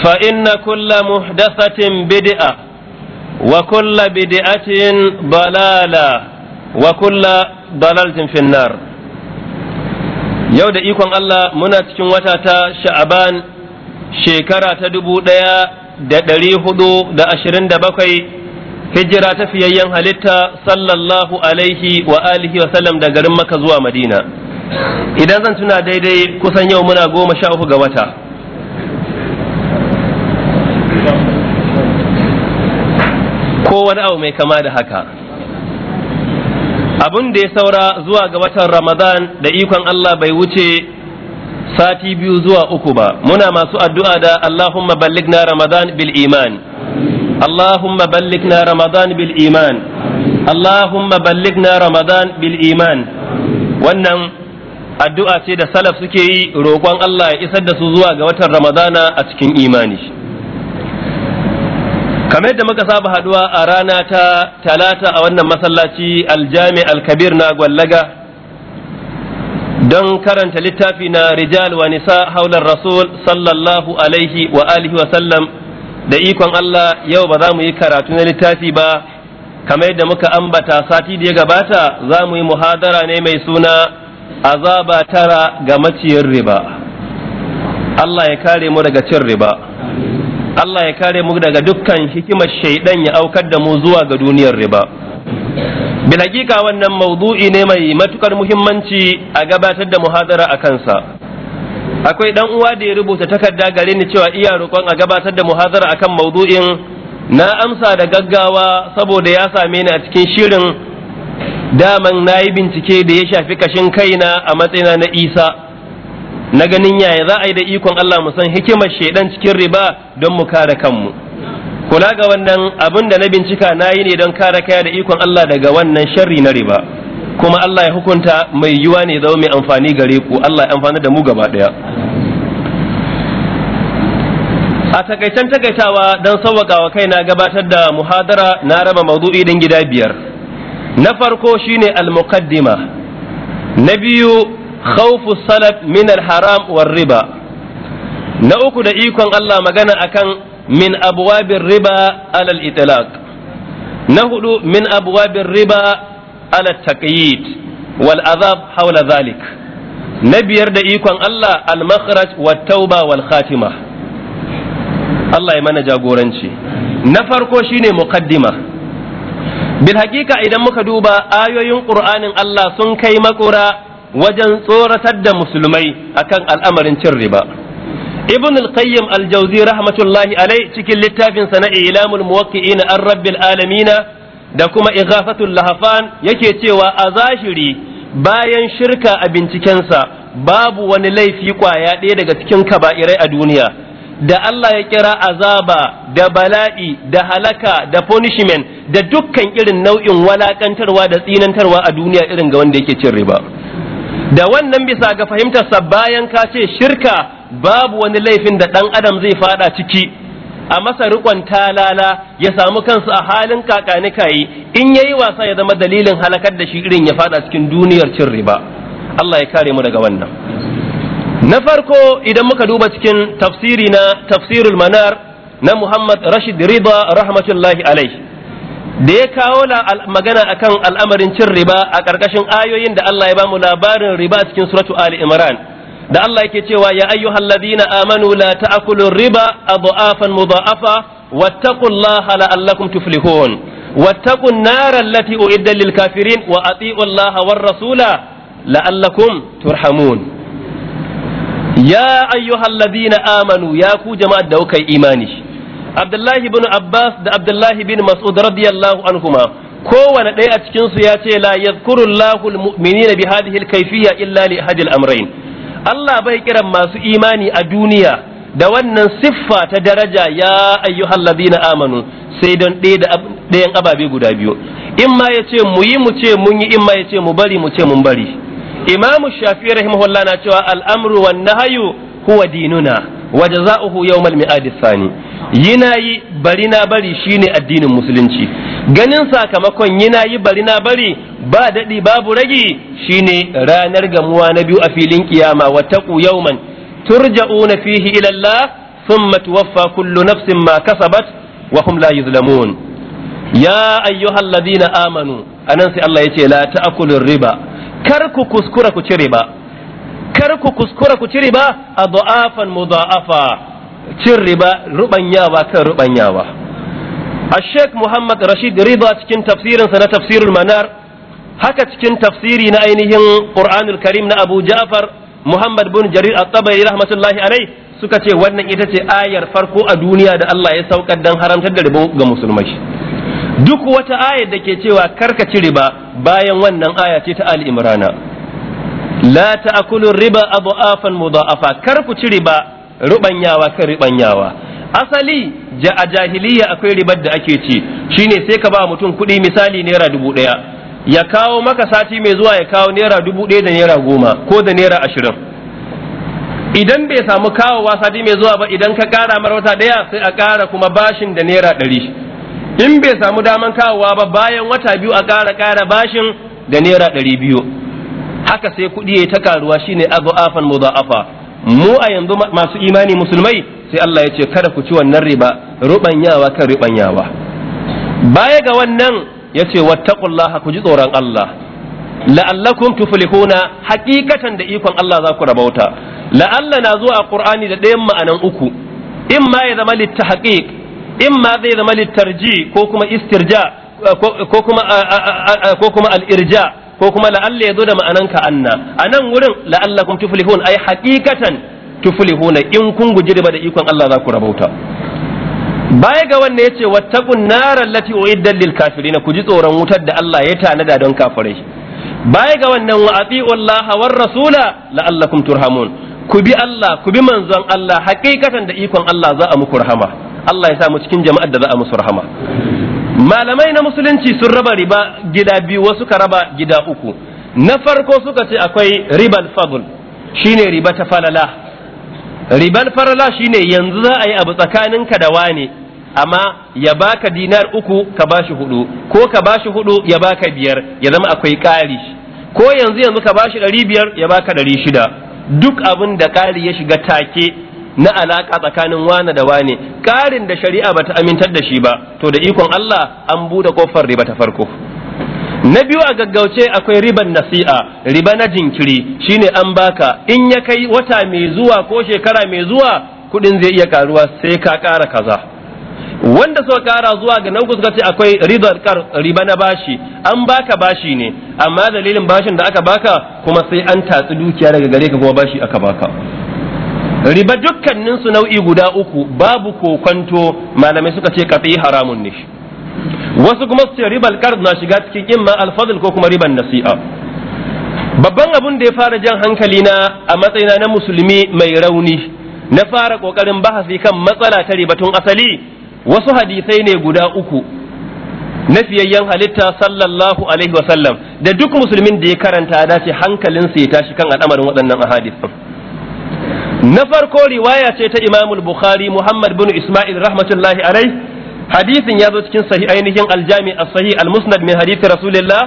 فإن كل محدثة بدعة وكل بدعة ضلالة وكل ضلالة في النار muna cikin wata ta Sha'aban shekara ta dubu ɗaya da ɗari hudu da ashirin da bakwai hijira ta fiyayyen halitta sallallahu alaihi wa alihi wa sallam da garin maka zuwa madina idan zan tuna daidai kusan yau muna goma sha uku ga wata ko wani abu mai kama da haka Abun da ya saura zuwa ga watan ramadan da ikon Allah bai wuce sati biyu zuwa uku ba muna masu addu'a da Allahumma ballighna ramadan bil iman Allahumma ballighna ramadan bil iman Allahumma ballighna ramadan bil iman wannan addu'a ce da salaf suke yi roƙon Allah ya isar da su zuwa ga watan ramadana a cikin imani kamar yadda muka saba haduwa a rana ta talata a wannan masallaci aljami alkabir na gwallaga don karanta littafi na rijal wa nisa haular rasul sallallahu alaihi wa alihi wa sallam da ikon Allah yau ba za mu yi karatu na littafi ba kamar yadda muka ambata sati da ya gabata za mu yi muhadara ne mai suna azaba tara ga maciyar riba Allah ya kare mu daga cin riba Allah ya kare mu daga dukkan hikimar shaidan ya aukar da mu zuwa ga duniyar riba bil wannan maudu'i ne mai matukar muhimmanci a gabatar da muhadara a kansa akwai ɗan uwa da ya rubuta takarda gare ni cewa iya roƙon a gabatar da muhadara akan maudu'in na amsa da gaggawa saboda ya same ni a cikin shirin daman na yi bincike da ya shafi kashin kaina a matsayina na isa na ganin yaya za a yi da ikon Allah mu san hikimar shaidan cikin riba don mu kare kanmu kula ga wannan abin da na bincika na yi ne don kare kaya da ikon Allah daga wannan sharri na riba kuma Allah ya hukunta mai yiwa ne zama mai amfani gare ku Allah ya amfani da mu gaba daya a takaicen takaitawa don sauwaka wa na gabatar da muhadara na raba maudu'i din gida biyar na farko shine al-muqaddima na biyu khawfu salaf min al-haram war riba na uku da ikon Allah magana akan min abwabir riba alal itlaq na hudu min abwabir riba ala taqyid wal azab hawla zalik na biyar da ikon Allah al-makhraj wat tauba khatima Allah ya mana jagoranci na farko shine muqaddima bil hakika idan muka duba ayoyin qur'anin Allah sun kai maƙura. wajen tsoratar da musulmai akan al'amarin cin riba ibn al-qayyim al-jawzi rahmatullahi alai cikin littafin sa na ilamul muwaqqi'in an rabbil alamin da kuma ighafatul lahafan yake cewa a zahiri bayan shirka a bincikensa babu wani laifi kwaya ɗaya daga cikin kaba'irai a duniya da Allah ya kira azaba da bala'i da halaka da punishment da dukkan irin nau'in walakantarwa da tsinantarwa a duniya irin ga wanda yake cin riba da wannan bisa ga fahimtarsa bayan ka ce shirka babu wani laifin da ɗan adam zai fada ciki a masa rikon talala ya samu kansu a halin kakani kayi in ya yi wasa ya zama dalilin halakar da shi irin ya fada cikin duniyar cin riba Allah ya kare mu daga wannan na farko idan muka duba cikin tafsiri na tafsirul manar na Muhammad Rashid Rida rahmatullahi alaihi da ya kawo magana akan al'amarin cin riba a ƙarƙashin ayoyin da Allah ya bamu labarin riba cikin suratu Ali Imran da Allah yake cewa ya ayyuhal ladina amanu la ta'kulu riba adhafan mudha'afa wattaqullaha la'allakum tuflihun wattaqun nar allati uiddat lil kafirin wa ati'u Allah war rasula la'allakum turhamun ya ayyuhal ladina amanu ya ku jama'ar da kuka imani abdullahi bin abbas da abdullahi bin mas'ud radiyallahu anhuma kowane ɗaya a cikin su ya ce la yadhkuru Allahu almu'minina bi hadhihi alkayfiyya illa li ahadil amrayn Allah bai kiran masu imani a duniya da wannan siffa ta daraja ya ayyuhalladhina amanu sai don ɗayan ababe guda biyu in ma yace mu yi mu ce mun yi in ma yace mu bari mu ce mun bari imamu shafi rahimahullah na cewa al'amru wan nahyu huwa dinuna wa jaza'uhu yawmal mi'ad Sani. yina yi bari na bari shine addinin musulunci ganin sakamakon yina yi bari na bari ba daɗi babu ragi shine ranar gamuwa na biyu a filin kiyama wa taqu yawman turja'una fihi ila Allah thumma tuwaffa kullu nafsin ma kasabat wa hum la yuzlamun ya ayyuhalladhina amanu anan sai Allah yace la ta'kulur riba kar ku kuskura ku ci riba kar ku kuskura ku ci riba a du'afan mudha'afa cin riba ruɓanyawa kan a sheikh Muhammad rashid riba cikin tafsirinsa na tafsirul manar haka cikin tafsiri na ainihin Qur'anul Karim na Abu Ja'far Muhammad bin Jarir At-Tabari rahmatullahi alai suka ce wannan ita ce ayar farko a duniya da Allah ya saukar dan haramtar da riba ga musulmai duk wata ayar da ke cewa karka ci riba bayan wannan aya ce ta Ali Imrana la ta'kulu riba adhafan mudha'afa kar ku ci riba rubanyawa kan rubanyawa asali ja a jahiliya akwai ribar da ake ci shine sai ka ba mutum kuɗi misali naira dubu ɗaya ya kawo maka sati mai zuwa ya kawo naira dubu ɗaya da naira goma ko da naira ashirin idan bai samu kawowa sati mai zuwa ba idan ka ƙara mar wata ɗaya sai a ƙara kuma bashin da naira ɗari in bai samu daman kawowa ba bayan wata biyu a ƙara ƙara bashin da naira ɗari biyu haka sai kuɗi ya ta karuwa shine abu afan za'afa mu a yanzu masu imani musulmai sai Allah ya ce kada ku ci wannan riba rubanyawa kan rubanyawa baya ga wannan ya ce wattaqullaha ku ji tsoron Allah la'allakum tuflihuna hakikatan da ikon Allah za ku rabauta la'alla na zuwa a Qur'ani da ɗayan ma'anan uku in ma ya zama littahqiq in ma zai zama littarji ko kuma istirja ko kuma ko kuma al-irja ko kuma la'alla ya zo da ma'anan ka anna a nan wurin la'allakum tuflihun ai haqiqatan tuflihuna in kun guji riba da ikon Allah za ku rabauta baya ga wanne yace wattaqun naral lati uiddat lil kafirin ku ji tsoron wutar da Allah ya tanada don kafirai baya ga wannan wa atiu Allah war rasula la'allakum turhamun ku bi Allah ku bi manzon Allah haqiqatan da ikon Allah za a muku rahama Allah ya sa mu cikin jama'ar da za a musu rahama malamai na musulunci sun raba riba gida biyu wasu ka raba gida uku na farko suka ce akwai ribal fadl shine riba ta falala ribal falala shine yanzu za a yi abu tsakanin ka da wani, amma ya baka dinar uku ka bashi hudu ko ka bashi hudu ya baka biyar ya zama akwai kari ko yanzu yanzu ka bashi ɗari biyar ya baka ɗari shida duk abin da kari ya shiga take na alaƙa tsakanin wane da wane ƙarin da shari'a bata amintar da shi ba to da ikon Allah an buɗe kofar riba ta farko na biyu a gaggauce akwai riban nasi'a riba na jinkiri shine an baka in ya kai wata mai zuwa ko shekara mai zuwa kudin zai iya karuwa sai ka kara kaza wanda suka kara zuwa ga nauku suka ce akwai ridar kar riba na bashi an baka bashi ne amma dalilin bashin da aka baka kuma sai an tatsi dukiya daga gare ka kuma bashi aka baka riba dukkaninsu nau'i guda uku babu kokwanto malamai suka ce katsi haramun ne wasu kuma su ce ribal qard na shiga cikin imma alfadl ko kuma riban nasi'a babban abun da ya fara jan hankali na a matsayina na musulmi mai rauni na fara kokarin bahasi kan matsala ta riba tun asali wasu hadisai ne guda uku na fiyayyen halitta sallallahu alaihi wasallam da duk musulmin da ya karanta ya dace hankalinsa ya tashi kan al'amarin waɗannan ahadis na farko riwaya ce ta imamul bukhari muhammad bin isma'il rahmatullahi alai hadisin ya zo cikin sahi ainihin aljami as-sahih al-musnad min hadisi rasulillah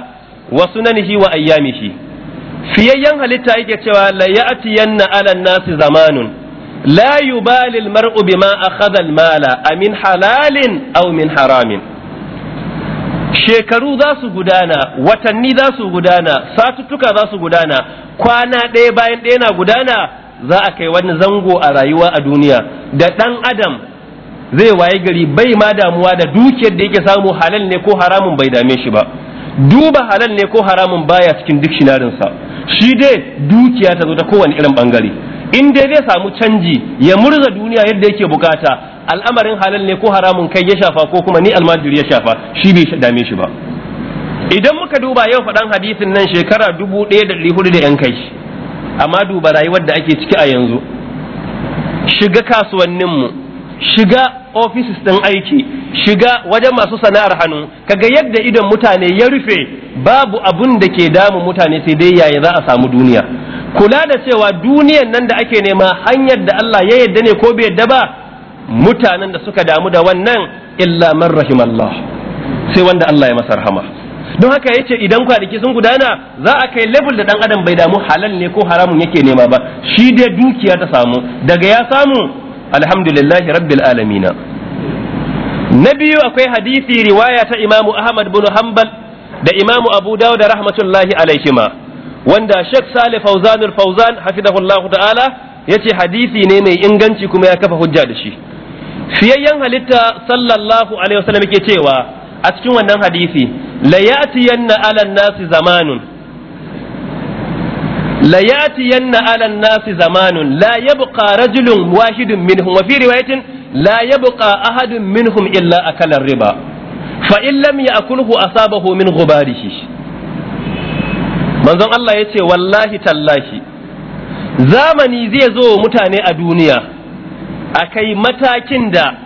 wa sunanihi wa ayyamihi fiyayyan halitta yake cewa la ya'tiyanna ala nasi zamanun la yubali al-mar'u bima akhadha al-mala amin halalin aw min haramin shekaru za su gudana watanni za su gudana satuttuka za su gudana kwana ɗaya bayan ɗaya na gudana za a kai wani zango a rayuwa a duniya da ɗan adam zai waye gari bai ma damuwa da dukiyar da yake samu halal ne ko haramun bai dame shi ba duba halal ne ko haramun baya cikin shinarinsa shi dai dukiya ta zo ta kowane irin bangare in dai zai samu canji ya murza duniya yadda yake bukata al'amarin halal ne ko haramun kai ya shafa ko kuma ni almajiri ya shafa shi bai dame shi ba idan muka duba yau faɗan hadisin nan shekara dubu ɗaya da ɗari hudu da yan kai amma duba rayuwar da ake ciki a yanzu shiga kasuwanninmu shiga offices ɗin aiki shiga wajen masu sana'ar hannu kaga yadda idon mutane ya rufe babu abun da ke damu mutane sai dai yaya za a samu duniya kula da cewa duniyan nan da ake nema hanyar da Allah ya yadda ne ko bai yadda ba mutanen da suka damu da wannan illa man rahimallah sai wanda Allah ya masa rahama don haka ya ce idan kwanaki sun gudana za a kai level da dan adam bai damu halal ne ko haramun yake nema ba shi dai dukiya ta samu daga ya samu alhamdulillahi rabbil alamina. na biyu akwai hadisi riwaya ta imamu ahmad bin hanbal da imamu abu dawud da rahmatullahi alaihima wanda shek salih Fauzanur fauzan hafidahullahu ta'ala yace hadisi ne mai inganci kuma ya kafa hujja da shi fiyayyen halitta sallallahu alaihi wasallam yake cewa a cikin wannan hadisi la 'alan nasi zamanun la ya'tiyanna 'alan nasi zamanun la yabqa rajulun wahidun minhum wa fi riwayatin la yabqa ahadun minhum illa akala riba fa in lam ya'kulhu asabahu min ghubarihi manzon Allah yace wallahi tallahi zamani zai zo mutane a duniya akai matakin da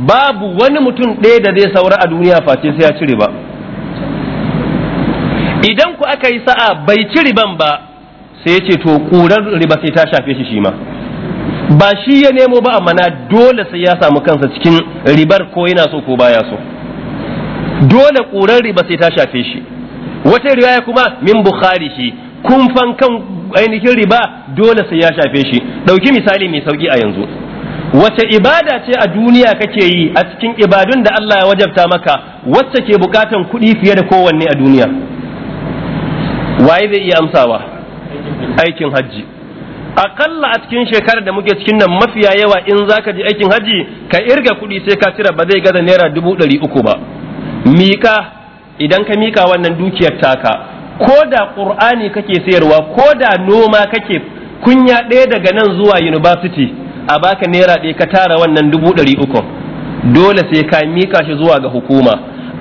babu wani mutum ɗaya da zai saura a duniya face sai ya cire ba idan ku aka yi sa'a bai ci riban ba sai ya ce to ƙurar riba sai ta shafe shi shi ma ba shi ya nemo ba amma na dole sai ya samu kansa cikin ribar ko yana so ko baya so dole ƙurar riba sai ta shafe shi wata ya kuma min bukhari shi kun fan kan ainihin riba dole sai ya shafe shi ɗauki misali mai sauki a yanzu wace ibada ce a duniya kake yi a cikin ibadun da Allah ya wajabta maka wacce ke bukatan kuɗi fiye da kowanne a duniya waye zai iya amsawa aikin hajji akalla a cikin shekarar da muke cikin nan mafiya yawa in zaka je aikin hajji ka irga kuɗi sai ka cire ba zai gaza naira dubu ɗari uku ba miƙa idan ka mika wannan dukiyar taka ko da ƙur'ani kake sayarwa ko da noma kake kunya ɗaya daga nan zuwa university a baka naira ɗaya ka tara wannan dubu ɗari uku dole sai ka mika shi zuwa ga hukuma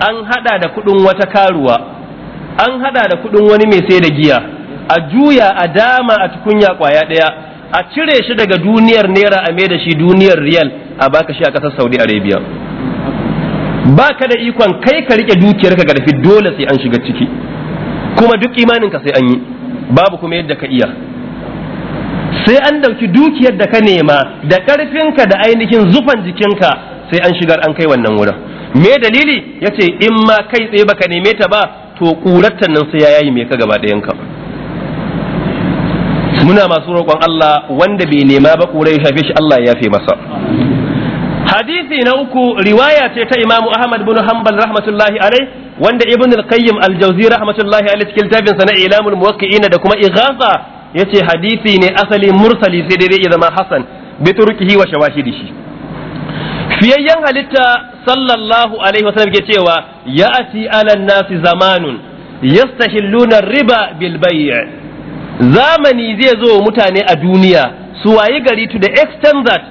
an hada da kuɗin wata karuwa an hada da kuɗin wani mai sai da giya a juya a dama a tukunya kwaya ɗaya a cire shi daga duniyar naira a mai da shi duniyar riyal a baka shi a ƙasar saudi arabia ba ka da ikon kai ka rike dukiyar ka tafi dole sai an shiga ciki kuma duk imanin ka sai an yi babu kuma yadda ka iya sai an dauki dukiyar da ka nema da ƙarfinka da ainihin zufan jikinka sai an shigar an kai wannan wurin me dalili yace in ma kai tsaye baka neme ta ba to kurattan nan sai ya yayi me ka gaba ɗayan ka muna masu roƙon Allah wanda bai nema ba kura ya shafe shi Allah ya yafe masa hadisi na uku riwaya ce ta imamu ahmad bin hanbal rahmatullahi alai wanda ibn al-qayyim al-jawzi rahmatullahi alai cikin tabin sana ilamul muwaqqi'in da kuma ighatha yace hadisi ne asali mursali sai dai ya zama hasan bi turkihi wa shawahidihi fiyayyan halitta sallallahu alaihi wasallam ke cewa ya'ati ala nasi zamanun yastahilluna riba bil bay' zamani zai zo mutane a duniya su wayi gari to the extent that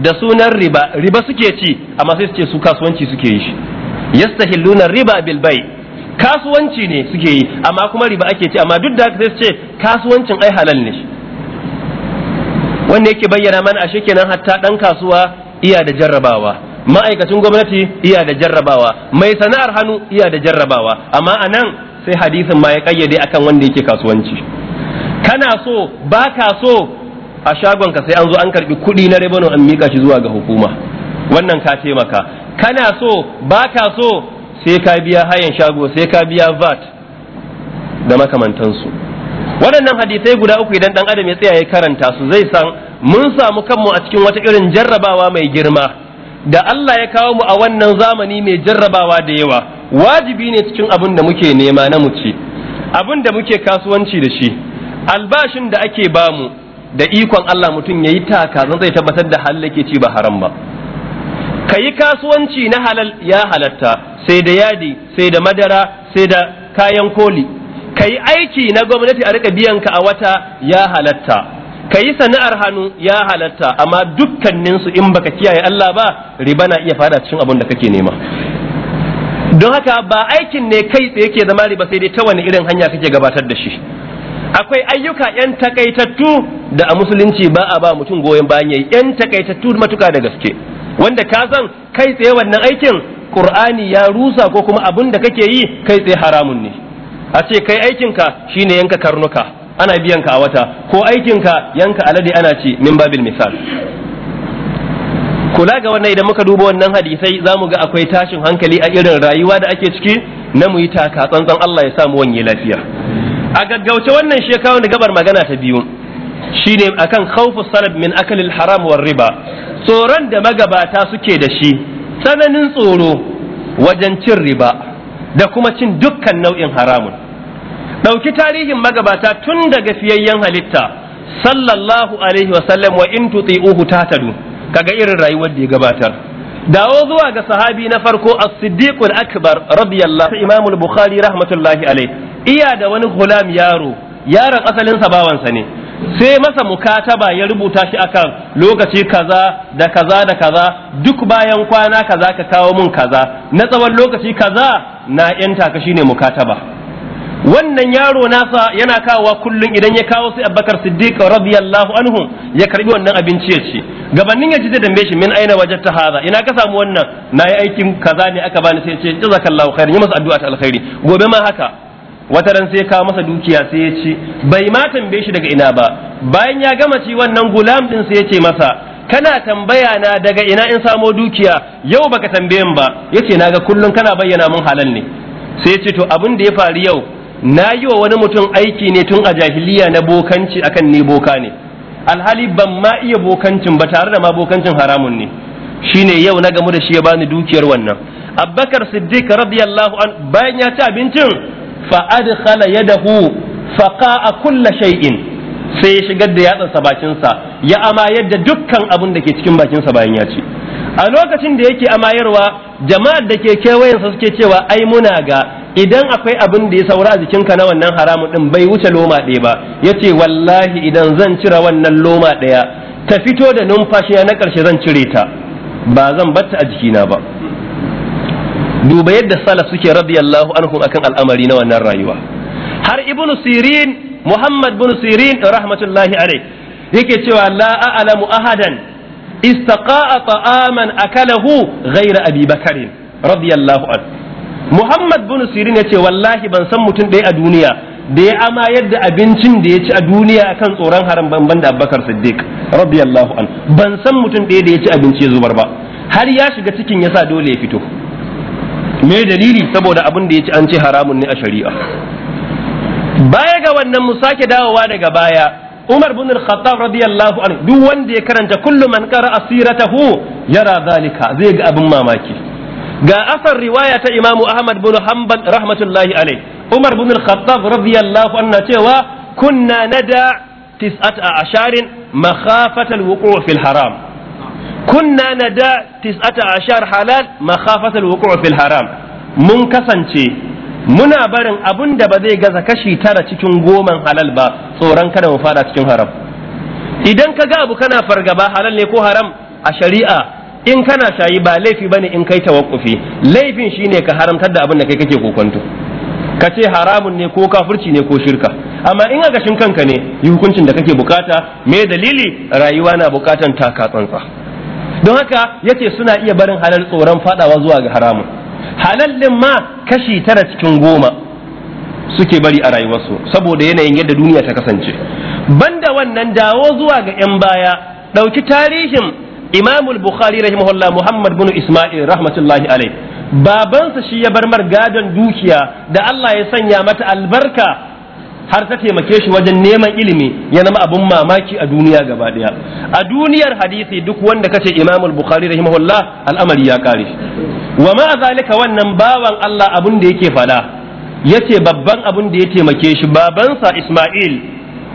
da sunan riba riba suke ci amma sai su ce su kasuwanci suke yi shi yastahilluna riba bil bay' kasuwanci ne suke yi amma kuma riba ake ci amma duk da haka sai ce kasuwancin ai halal ne wanda yake bayyana mana ashe kenan hatta dan kasuwa iya da jarrabawa ma'aikacin gwamnati iya da jarrabawa mai sana'ar hannu iya da jarrabawa amma nan sai hadisin ma ya kayyade akan wanda yake kasuwanci kana so ba ka so a shagon ka sai an zo an karbi kuɗi na rebano an mika shi zuwa ga hukuma wannan ka taimaka kana so ba ka so sai ka biya hayan shago sai ka biya VAT da makamantansu waɗannan hadisai guda uku idan ɗan adam ya tsaya ya karanta su zai san mun samu kanmu a cikin wata irin jarrabawa mai girma da Allah ya kawo mu a wannan zamani mai jarrabawa da yawa wajibi ne cikin abin da muke nema na mu ci abin da muke kasuwanci da shi albashin da ake bamu da ikon Allah mutum yayi taka zan zai tabbatar da halal ke ci ba haram ba ka yi kasuwanci na halal ya halatta sai da yadi sai da madara sai da kayan koli ka yi aiki na gwamnati a rika biyan ka a wata ya halatta ka yi sana'ar hannu ya halatta amma dukkaninsu in baka kiyaye Allah ba riba na iya fada cikin abin da kake nema don haka ba aikin ne kai tsaye ke zama riba sai dai ta wani irin hanya kake gabatar da shi akwai ayyuka yan takaitattu da a musulunci ba a ba mutum goyon bayan yayi yan takaitattu matuka da gaske wanda ka san kai tsaye wannan aikin qur'ani ya rusa ko kuma abin da kake yi kai tsaye haramun ne a ce kai aikinka shine yanka karnuka ana biyan ka a wata ko aikinka yanka alade ana ce min babil misal kula ga wannan idan muka duba wannan hadisai zamu ga akwai tashin hankali a irin rayuwa da ake ciki na mu yi taka tsantsan Allah ya samu wani lafiya a gaggauce wannan shekaru da gabar magana ta biyu shine akan khawfu salab min akalil haram war riba tsoron da magabata suke da shi tsananin tsoro wajen cin riba da kuma cin dukkan nau'in haramun ɗauki tarihin magabata tun daga fiyayyen halitta sallallahu alaihi wasallam wa in tuti'uhu tatalu kaga irin rayuwar da ya gabatar dawo zuwa ga sahabi na farko as-siddiq al-akbar radiyallahu imam al-bukhari rahmatullahi alaihi iya da wani gulam yaro yaron asalin sa bawansa ne sai masa mukataba ya rubuta shi akan lokaci kaza da kaza da kaza duk bayan kwana kaza ka kawo mun kaza na tsawon lokaci kaza na yanta ka shine mukataba wannan yaro nasa yana kawowa kullum idan ya kawo sai Abubakar Siddiq radiyallahu anhu ya karbi wannan abinci ya ci gabanin ya ji da dambe shi min aina wajatta hadha ina ka samu wannan nayi aikin kaza ne aka bani sai ya ce jazakallahu khairan yi masa addu'a ta alkhairi gobe ma haka wata ran sai kawo masa dukiya sai ya ci bai ma tambaye shi daga ina ba bayan ya gama ci wannan gulam din sai ya ce masa kana tambaya na daga ina in samo dukiya yau baka tambayen ba yace naga kullun kana bayyana mun halal ne sai ya ce to abin da ya faru yau na yi wa wani mutum aiki ne tun a jahiliya na bokanci akan ne boka ne alhali ban ma iya bokancin ba tare da ma bokancin haramun ne shine yau na gamu da shi ya bani dukiyar wannan Abubakar siddiq radiyallahu an bayan ya ci abincin fa adkhala yadahu fa qa'a kulla shay'in sai ya shigar da yatsansa bakinsa ya amayar da dukkan abin da ke cikin bakinsa bayan ya ci a lokacin da yake amayarwa jama'ar da ke kewayensa suke cewa ai muna ga idan akwai abin da ya saura a jikinka na wannan haramun din bai wuce loma ɗaya ba ya ce wallahi idan zan cire wannan loma ɗaya ta fito da numfashi na ƙarshe zan cire ta ba zan batta a jikina ba duba yadda salaf suke radiyallahu anhum akan al'amari na wannan rayuwa har ibnu sirin muhammad bin sirin rahmatullahi alai yake cewa la a'lamu ahadan istaqa'a ta'aman akalahu ghayra abi bakr radiyallahu an muhammad bin sirin yace wallahi ban san mutum ɗaya a duniya da ya ama yadda abincin da ya ci a duniya akan tsoron haram banban da abubakar siddiq radiyallahu an ban san mutum ɗaya da ya ci abinci ya zubar ba har ya shiga cikin yasa dole ya fito me dalili saboda abin da ya ci an ce haramun ne a shari'a baya ga wannan mu sake dawowa daga baya Umar bin Al-Khattab radiyallahu anhu duk wanda ya karanta kullu man qara'a asiratahu yara zalika zai ga abin mamaki ga asar riwaya ta Imam Ahmad bin Hanbal rahmatullahi alayh Umar bin Al-Khattab radiyallahu anhu cewa kunna nada a asharin makhafatal al-wuqu' fil haram kunna na da tis'ata ashar halal makhafatal wuqu'u fil haram mun kasance muna barin abun da ba zai gaza kashi tara cikin goman halal ba tsoron kada mu fara cikin haram idan ka ga abu kana fargaba halal ne ko haram a shari'a in kana shayi ba laifi bane in kai tawakkufi laifin shine ka haramtar da abin da kai kake kokonto ka ce haramun ne ko kafirci ne ko shirka amma in a gashin kanka ne yi hukuncin da kake bukata me dalili rayuwa na bukatan taka tsantsa don haka ya ce suna iya barin halal tsoron fadawa zuwa ga haramun halal din ma kashi tara cikin goma suke bari a rayuwarsu saboda yanayin yadda duniya ta kasance banda wannan dawo zuwa ga 'yan baya ɗauki tarihin imamul bukhari rahimahullah muhammad bin isma'il rahmatullahi alaihi babansa shi ya bar mar gadon dukiya da Allah ya sanya mata albarka har ta taimake shi wajen neman ilimi ya zama abun mamaki a duniya gaba daya a duniyar hadisi duk wanda kace Imam al-Bukhari rahimahullah al'amari ya kare wa ma zalika wannan bawan Allah abun da yake fada yace babban abun da ya taimake shi babansa Isma'il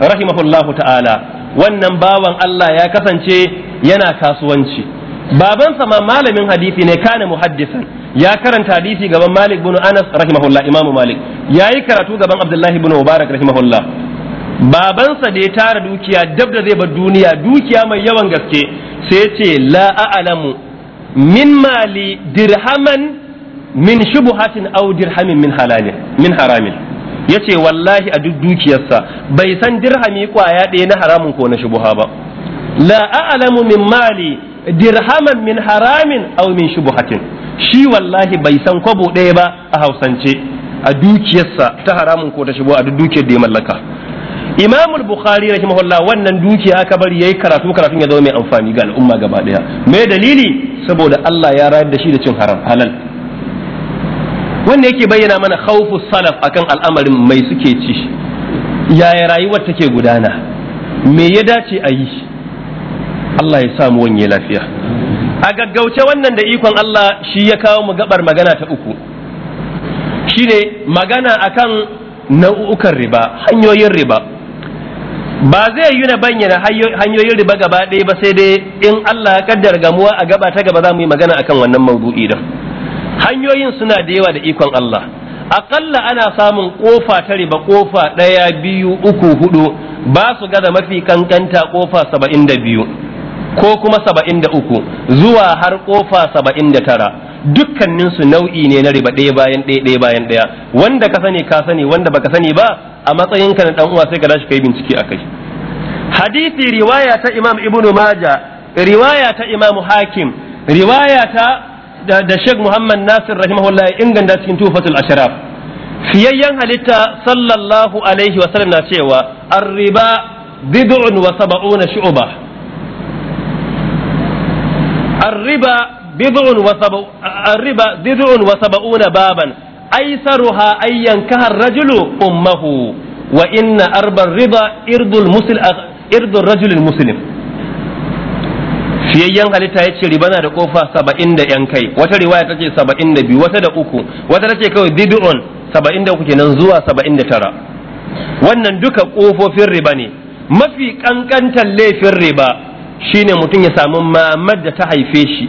rahimahullahu ta'ala wannan bawan Allah ya kasance yana kasuwanci babansa ma malamin hadisi ne kana muhaddisan ya karanta hadisi gaban Malik bin Anas rahimahullah Imam Malik yayi karatu gaban Abdullahi bin Mubarak rahimahullah babansa da ya tara dukiya dab da zai bar duniya dukiya mai yawan gaske sai ya ce la a'lamu min mali dirhaman min shubuhatin aw dirhamin min halalin min haramin yace wallahi a duk dukiyarsa bai san dirhami kwaya ɗaya na haramun ko na shubuha ba la a'lamu min mali dirhaman min haramin aw min shubuhatin shi wallahi bai san kwabo ɗaya ba a hausance a dukiyarsa ta haramun ko ta shigo a duk dukiyar da ya mallaka imamul al-bukhari rahimahullah wannan dukiya aka bari ya yi karatu karatun ya zama mai amfani ga al'umma gaba ɗaya me dalili saboda Allah ya rayar da shi da cin haram halal wanda yake bayyana mana khawfu salaf akan al'amarin mai suke ci yaya rayuwar take gudana me ya dace a yi Allah ya samu wanye lafiya a gaggauce wannan da ikon Allah shi ya kawo mu gabar magana ta uku shine magana akan nau'ukan riba hanyoyin riba ba zai yi na bayyana hanyoyin riba gaba ɗaya ba sai dai in Allah ya kaddara gamuwa a gaba ta gaba za mu yi magana akan wannan maudu'i din hanyoyin suna da yawa da ikon Allah aƙalla ana samun ƙofa ta riba ƙofa ɗaya biyu uku hudu ba su gaza mafi kankanta ƙofa saba'in da biyu ko kuma saba'in da uku zuwa har kofa saba'in da tara dukkaninsu nau'i ne na riba ɗaya bayan ɗaya ɗaya bayan ɗaya wanda ka sani ka sani wanda baka sani ba a matsayinka na dan uwa sai ka dashi kai bincike akai hadisi riwaya ta imam ibnu maja riwaya ta imam hakim riwaya ta da sheikh muhammad nasir rahimahullah inganta cikin tufatul ashraf fiyayyan halitta sallallahu alaihi wa sallam na cewa arriba bid'un wa sab'una shu'bah الربا بضع وسبع الربا بضع وسبعون بابا أيسرها أن ينكح الرجل أمه وإن أرب الربا إرض المسلم إرض الرجل المسلم fiyayyen halitta ya ce riba na da kofa saba'in da yan kai wata riwaya ta ce saba'in da biyu wata da uku wata ta ce kawai bid'un saba'in da uku kenan zuwa saba'in da tara wannan duka kofofin riba ne mafi kankantar laifin riba shine mutum ya samu mamar da ta haife shi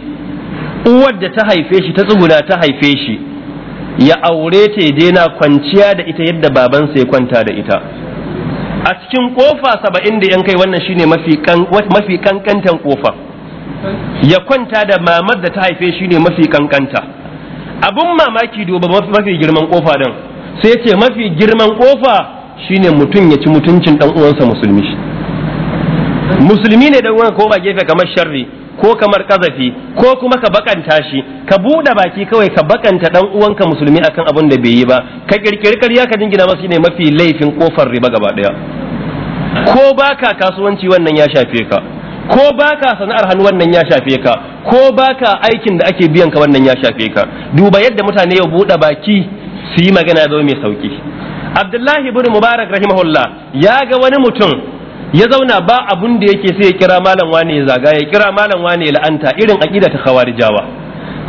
uwar da ta haife shi ta tsuguna ta haife shi ya aure ta ya daina kwanciya da ita yadda babansa ya kwanta da ita a cikin kofa saba'in da yan kai wannan shine mafi kankantan kofa ya kwanta da mamar da ta haife shi ne mafi kankanta abun mamaki duba mafi girman kofa din sai ce mafi girman kofa shine mutum ya ci mutuncin dan uwansa musulmi musulmi ne da uwanka ko ba gefe kamar sharri ko kamar kazafi ko kuma ka bakanta shi ka buɗe baki kawai ka bakanta dan uwanka musulmi akan abin da bai yi ba ka kirkiri karya ka jingina masu ne mafi laifin kofar riba gaba daya ko baka kasuwanci wannan ya shafe ka ko baka sana'ar hannu wannan ya shafe ka ko baka aikin da ake biyan ka wannan ya shafe ka duba yadda mutane ya buɗe baki su yi magana zo mai sauki abdullahi ibn mubarak rahimahullah ya ga wani mutum ya zauna ba abun da yake sai ya kira malam wane ya zaga ya kira malam wane ya la'anta irin aqida ta khawarijawa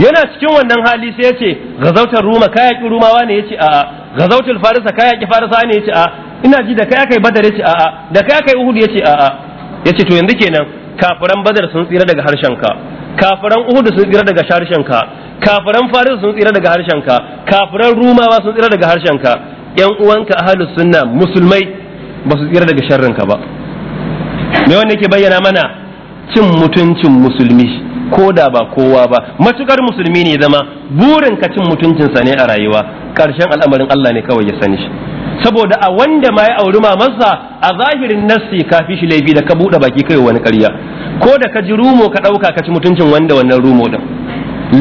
yana cikin wannan hali sai ya ce gazautar ruma ka yaki rumawa ne ya ce a'a gazautar farisa ka yaki farisa ne ya ce a'a ina ji da kai badar ya ce a'a da kai aka uhud ya ce a'a ya ce to yanzu kenan kafiran badar sun tsira daga harshen ka kafiran uhud sun tsira daga harshen ka kafiran farisa sun tsira daga harshen ka kafiran rumawa sun tsira daga harshen ka yan uwanka ahlus sunna musulmai ba su tsira daga sharrin ka ba me wanda yake bayyana mana cin mutuncin musulmi ko da ba kowa ba matukar musulmi ne zama burin ka cin mutuncinsa ne a rayuwa karshen al'amarin Allah ne kawai ya sani shi saboda a wanda ma ya auri mamansa a zahirin nassi ka fi shi laifi da ka buɗe baki kai wani ƙarya ko da ka ji rumo ka ɗauka ka ci mutuncin wanda wannan rumo din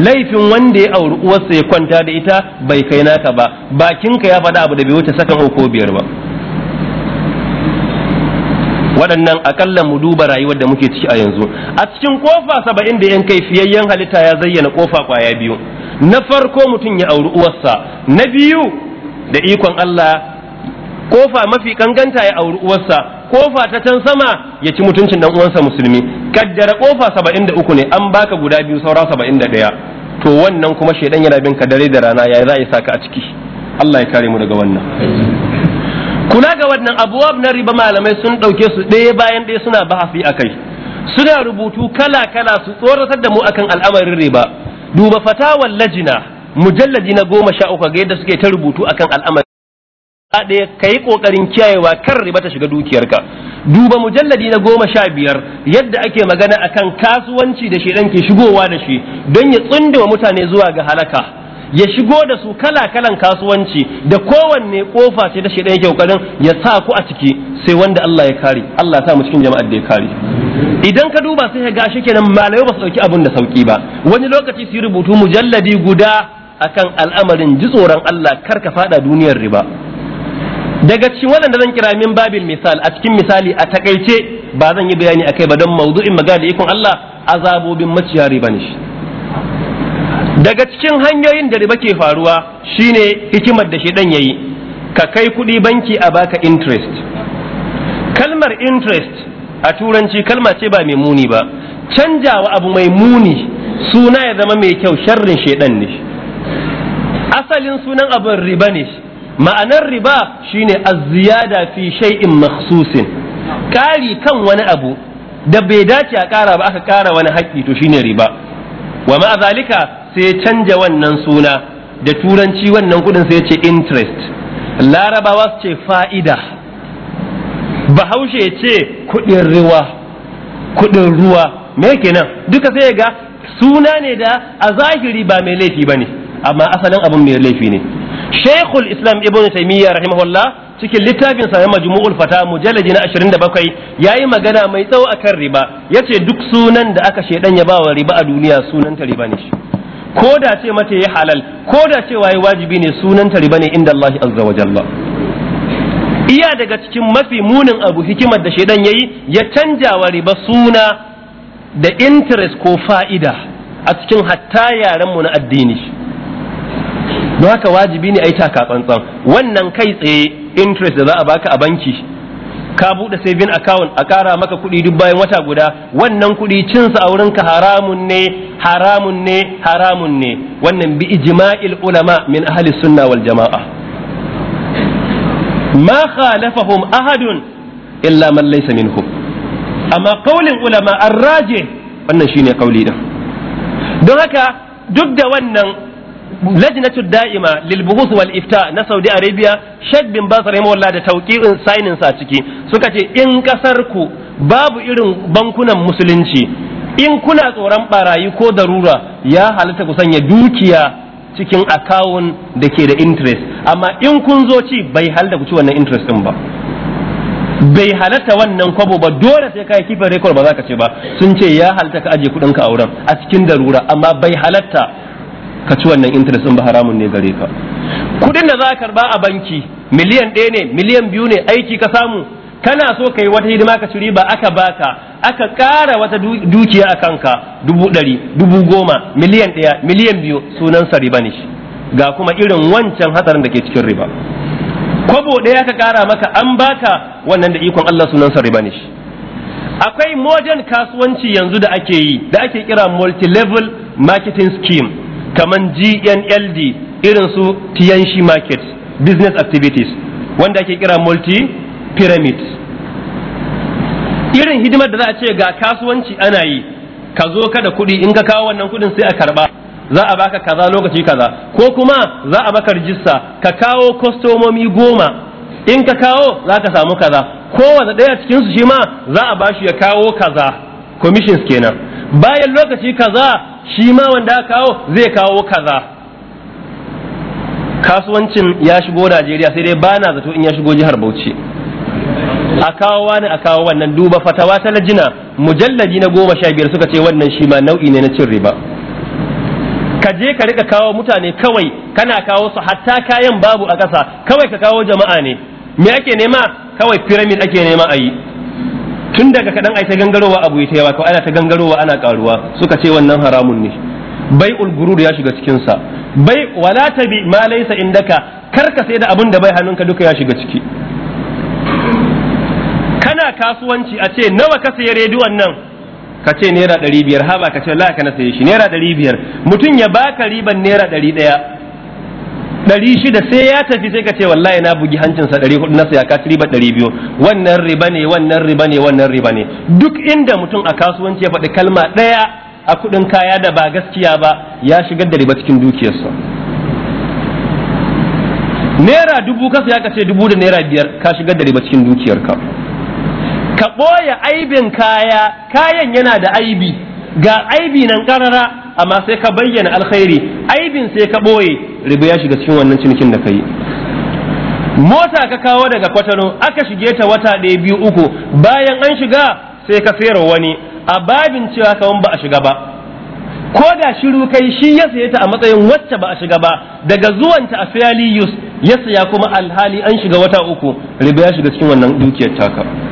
laifin wanda ya auri uwarsa ya kwanta da ita bai kai naka ba bakinka ya faɗa abu da bai wuce sakan ko biyar ba waɗannan akalla mu duba rayuwar da muke ciki a yanzu a cikin kofa saba'in da yan fiyayyen halitta ya zayyana kofa kwaya biyu na farko mutum ya auri uwarsa na biyu da ikon Allah kofa mafi kanganta ya auri uwarsa kofa ta can sama ya ci mutuncin dan uwansa musulmi kaddara kofa saba'in da uku ne an baka guda biyu saura saba'in da ɗaya to wannan kuma shaidan yana bin ka dare da rana ya za a yi saka a ciki Allah ya kare mu daga wannan kula ga wannan abuwa na riba malamai sun ɗauke su ɗaya bayan ɗaya suna bahasi a kai suna rubutu kala kala su tsoratar da mu akan al'amarin riba duba fatawar lajina mujallaji na goma sha uku ga yadda suke ta rubutu akan al'amarin riba, ɗaya ka yi ƙoƙarin kiyayewa kan riba ta shiga dukiyarka duba mujallaji na goma sha biyar yadda ake magana akan kasuwanci da shi ke shigowa da shi don ya wa mutane zuwa ga halaka ya shigo da su kala kalan kasuwanci da kowanne kofa ce da shaidan yake kokarin ya sa ku a ciki sai wanda Allah ya kare Allah ya sa mu cikin jama'ar da ya kare idan ka duba sai ka ga shi kenan malamai ba su dauki abun da sauki ba wani lokaci su rubutu mujalladi guda akan al'amarin ji tsoron Allah kar ka fada duniyar riba daga cikin waɗanda zan kira min babil misal a cikin misali a takaice ba zan yi bayani akai ba don maudu'in magana da ikon Allah azabobin maciya riba ne daga cikin hanyoyin da riba ke faruwa shine hikimar da shedan yayi ka kai kudi banki a baka interest kalmar interest a turanci kalma ce ba mai muni ba canjawa abu mai muni suna ya zama mai kyau sharrin shedan ne asalin sunan abin riba ne ma'anar riba shine azziyada fi shay'in makhsusin kari kan wani abu da bai dace a kara ba aka kara wani haƙƙi to shine riba wa ma'a zalika sai canja wannan suna da turanci wannan kudin sai ce interest larabawa su ce fa'ida bahaushe ce kudin ruwa kudin ruwa me kenan duka sai ga suna ne da a zahiri ba mai laifi ba ne amma asalin abin mai laifi ne shaykhul islam ibn taymiyyah rahimahullah cikin littafin sa na majmu'ul fata mujalladi na 27 yayi magana mai tsawo akan riba yace duk sunan da aka shedan ya bawa riba a duniya sunanta ta riba ne ko da ce mace ya halal ko da ce waye wajibi ne sunan ta riba ne inda Allah azza wa jalla iya daga cikin mafi munin abu hikimar da shedan yayi ya canja wa riba suna da interest ko fa'ida a cikin hatta yaran mu na addini don haka wajibi ne a yi taka tsantsan wannan kai tsaye interest da za a baka a banki ka buɗe saving account a ƙara maka kuɗi duk bayan wata guda wannan kuɗi cinsa a wurinka haramun ne haramun ne haramun ne wannan bi ijma'il ulama min ahli sunna wal jama'a ma khalafahum ahadun illa man laysa minhum amma kaulin ulama arraje wannan shine kauli din don haka duk da wannan lajnatu da'ima lil buhuth wal ifta na Saudi Arabia Sheikh bin Baz rahimahullah da tauqirin sainin sa ciki suka ce in kasar ku babu irin bankunan musulunci in kuna tsoron barayi ko darura ya halatta ku sanya dukiya cikin account da ke da interest amma in kun zo ci bai halatta ku ci wannan interest din ba bai halatta wannan kwabo ba dole sai kai kifin record ba za ka ce ba sun ce ya halatta ka aje kudin ka a wurin a cikin darura amma bai halatta ka ci wannan interest din ba haramun ne gare ka kudin da za ka karba a banki miliyan ɗaya ne miliyan biyu ne aiki ka samu kana so ka yi wata hidima ka ci riba aka baka aka ƙara wata dukiya a kanka dubu ɗari dubu goma miliyan ɗaya miliyan biyu sa riba ne ga kuma irin wancan hatsarin da ke cikin riba kwabo ɗaya ka ƙara maka an baka wannan da ikon Allah sunan sa riba ne akwai modern kasuwanci yanzu da ake yi da ake kira multi-level marketing scheme kaman GNLD irin su Tianshi Market Business Activities wanda ake kira multi pyramid irin hidimar da za a ce ga kasuwanci ana yi ka zo ka da kuɗi in ka kawo wannan kuɗin sai a karɓa za a baka kaza lokaci kaza ko kuma za a baka rijista ka kawo kwastomomi goma in ka kawo za ka samu kaza ko wanda ɗaya cikin su shi ma za a bashi ya kawo kaza commissions kenan bayan lokaci kaza shi ma wanda ya kawo zai kawo kaza kasuwancin ya shigo Najeriya sai dai bana zato in ya shigo jihar Bauchi a kawo wani a kawo wannan duba fatawa ta lajina mujallaji na goma sha biyar suka ce wannan shi ma nau'i ne na cin riba ka je ka rika kawo mutane kawai kana kawo su hatta kayan babu a ƙasa kawai ka kawo jama'a ne me ake nema kawai pyramid ake nema a yi tun daga kadan ai ta gangarowa abu ita yawa ko ana ta gangarowa ana karuwa suka ce wannan haramun ne Bai Ulgurur ya shiga cikin sa bai wala tabi ma laysa indaka karka sai da abun da bai hannunka duka ya shiga ciki kana kasuwanci a ce nawa ka sayi rediyon nan ka ce naira 500 biyar haba ka ce la ka na saye shi naira ɗari biyar mutum ya baka riban naira ɗari daya. ɗari shida sai ya tafi sai ka ce wallahi na bugi hancinsa ɗari hudu na saya ka ci riba ɗari biyu wannan riba ne wannan riba ne wannan riba ne duk inda mutum a kasuwanci ya faɗi kalma ɗaya a kuɗin kaya da ba gaskiya ba ya shigar da riba cikin dukiyarsa naira dubu ka saya ka ce dubu da naira biyar ka shigar da riba cikin dukiyarka ka ɓoye aibin kaya kayan yana da aibi ga aibi nan ƙarara amma sai ka bayyana alkhairi aibin sai ka ɓoye ribu ya shiga cikin wannan cinikin da ka yi mota ka kawo daga kwatano aka shige ta wata ɗaya biyu uku bayan an shiga sai ka sayarwa wani a babin cewa kawan ba a shiga ba ko da shiru kai shi ya saye ta a matsayin wacce ba a shiga ba daga zuwanta a fiyali yus ya saya kuma alhali an shiga wata uku ribu ya shiga cikin wannan dukiyar taka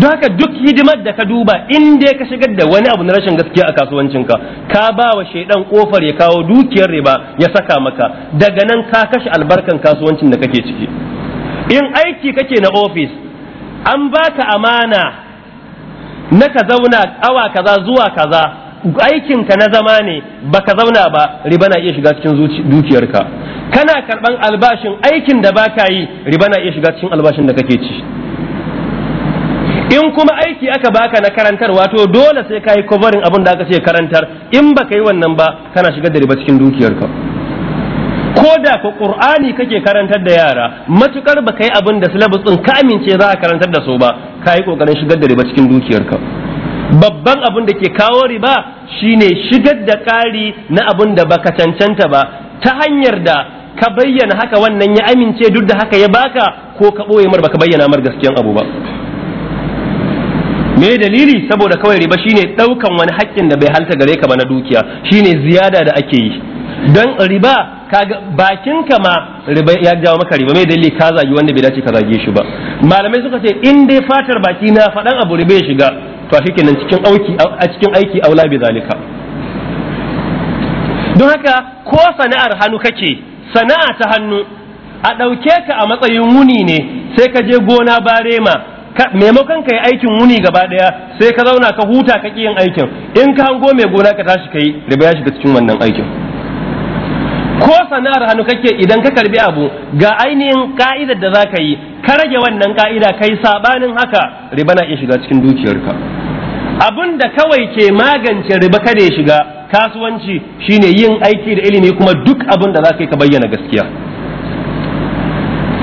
don haka duk hidimar da ka duba in dai ka shigar da wani abu na rashin gaskiya a kasuwancinka ka ba wa shaidan kofar ya kawo dukiyar riba ya saka maka daga nan ka kashe albarkan kasuwancin da kake ciki in aiki kake na ofis an baka amana na ka zauna awa kaza zuwa kaza aikinka na zama ne baka zauna ba riba na iya shiga cikin dukiyarka kana karban albashin aikin da baka yi riba na iya shiga cikin albashin da kake ci in kuma aiki aka baka na karantar wato, dole sai ka yi covering abin da aka ce karantar in baka yi wannan ba kana shigar da riba cikin dukiyarka ko da ko qur'ani kake karantar da yara matukar baka yi abin da syllabus din ka amince za ka karantar da su ba ka yi kokarin shigar da riba cikin dukiyarka babban abin da ke kawo riba shine shigar da ƙari na abin da baka cancanta ba ta hanyar da ka bayyana haka wannan ya amince duk da haka ya baka ko ka boye mar baka bayyana mar gaskiyan abu ba me dalili saboda kawai riba shine daukan wani haƙƙin da bai halta gare ka ba na dukiya shine ziyada da ake yi don riba kaga bakin ka ma riba ya jawo maka riba me dalili ka zagi wanda bai dace ka zage shi ba malamai suka ce in dai fatar baki na faɗan abu riba ya shiga to shikenan cikin auki a cikin aiki aula bi zalika don haka ko sana'ar hannu kake sana'a ta hannu a ɗauke ka a matsayin wuni ne sai ka je gona barema maimakon ka yi aikin wuni gaba daya sai ka zauna ka huta ka yin aikin in ka hango mai gona ka tashi ka yi riba ya shiga cikin wannan aikin ko sana'ar hannu kake idan ka karbi abu ga ainihin ka'idar da za ka yi ka rage wannan ka'ida kai sabanin haka riba na iya shiga cikin dukiyarka abin da kawai ke magance riba kada ya shiga kasuwanci shine yin aiki da ilimi kuma duk abin da za ka yi ka bayyana gaskiya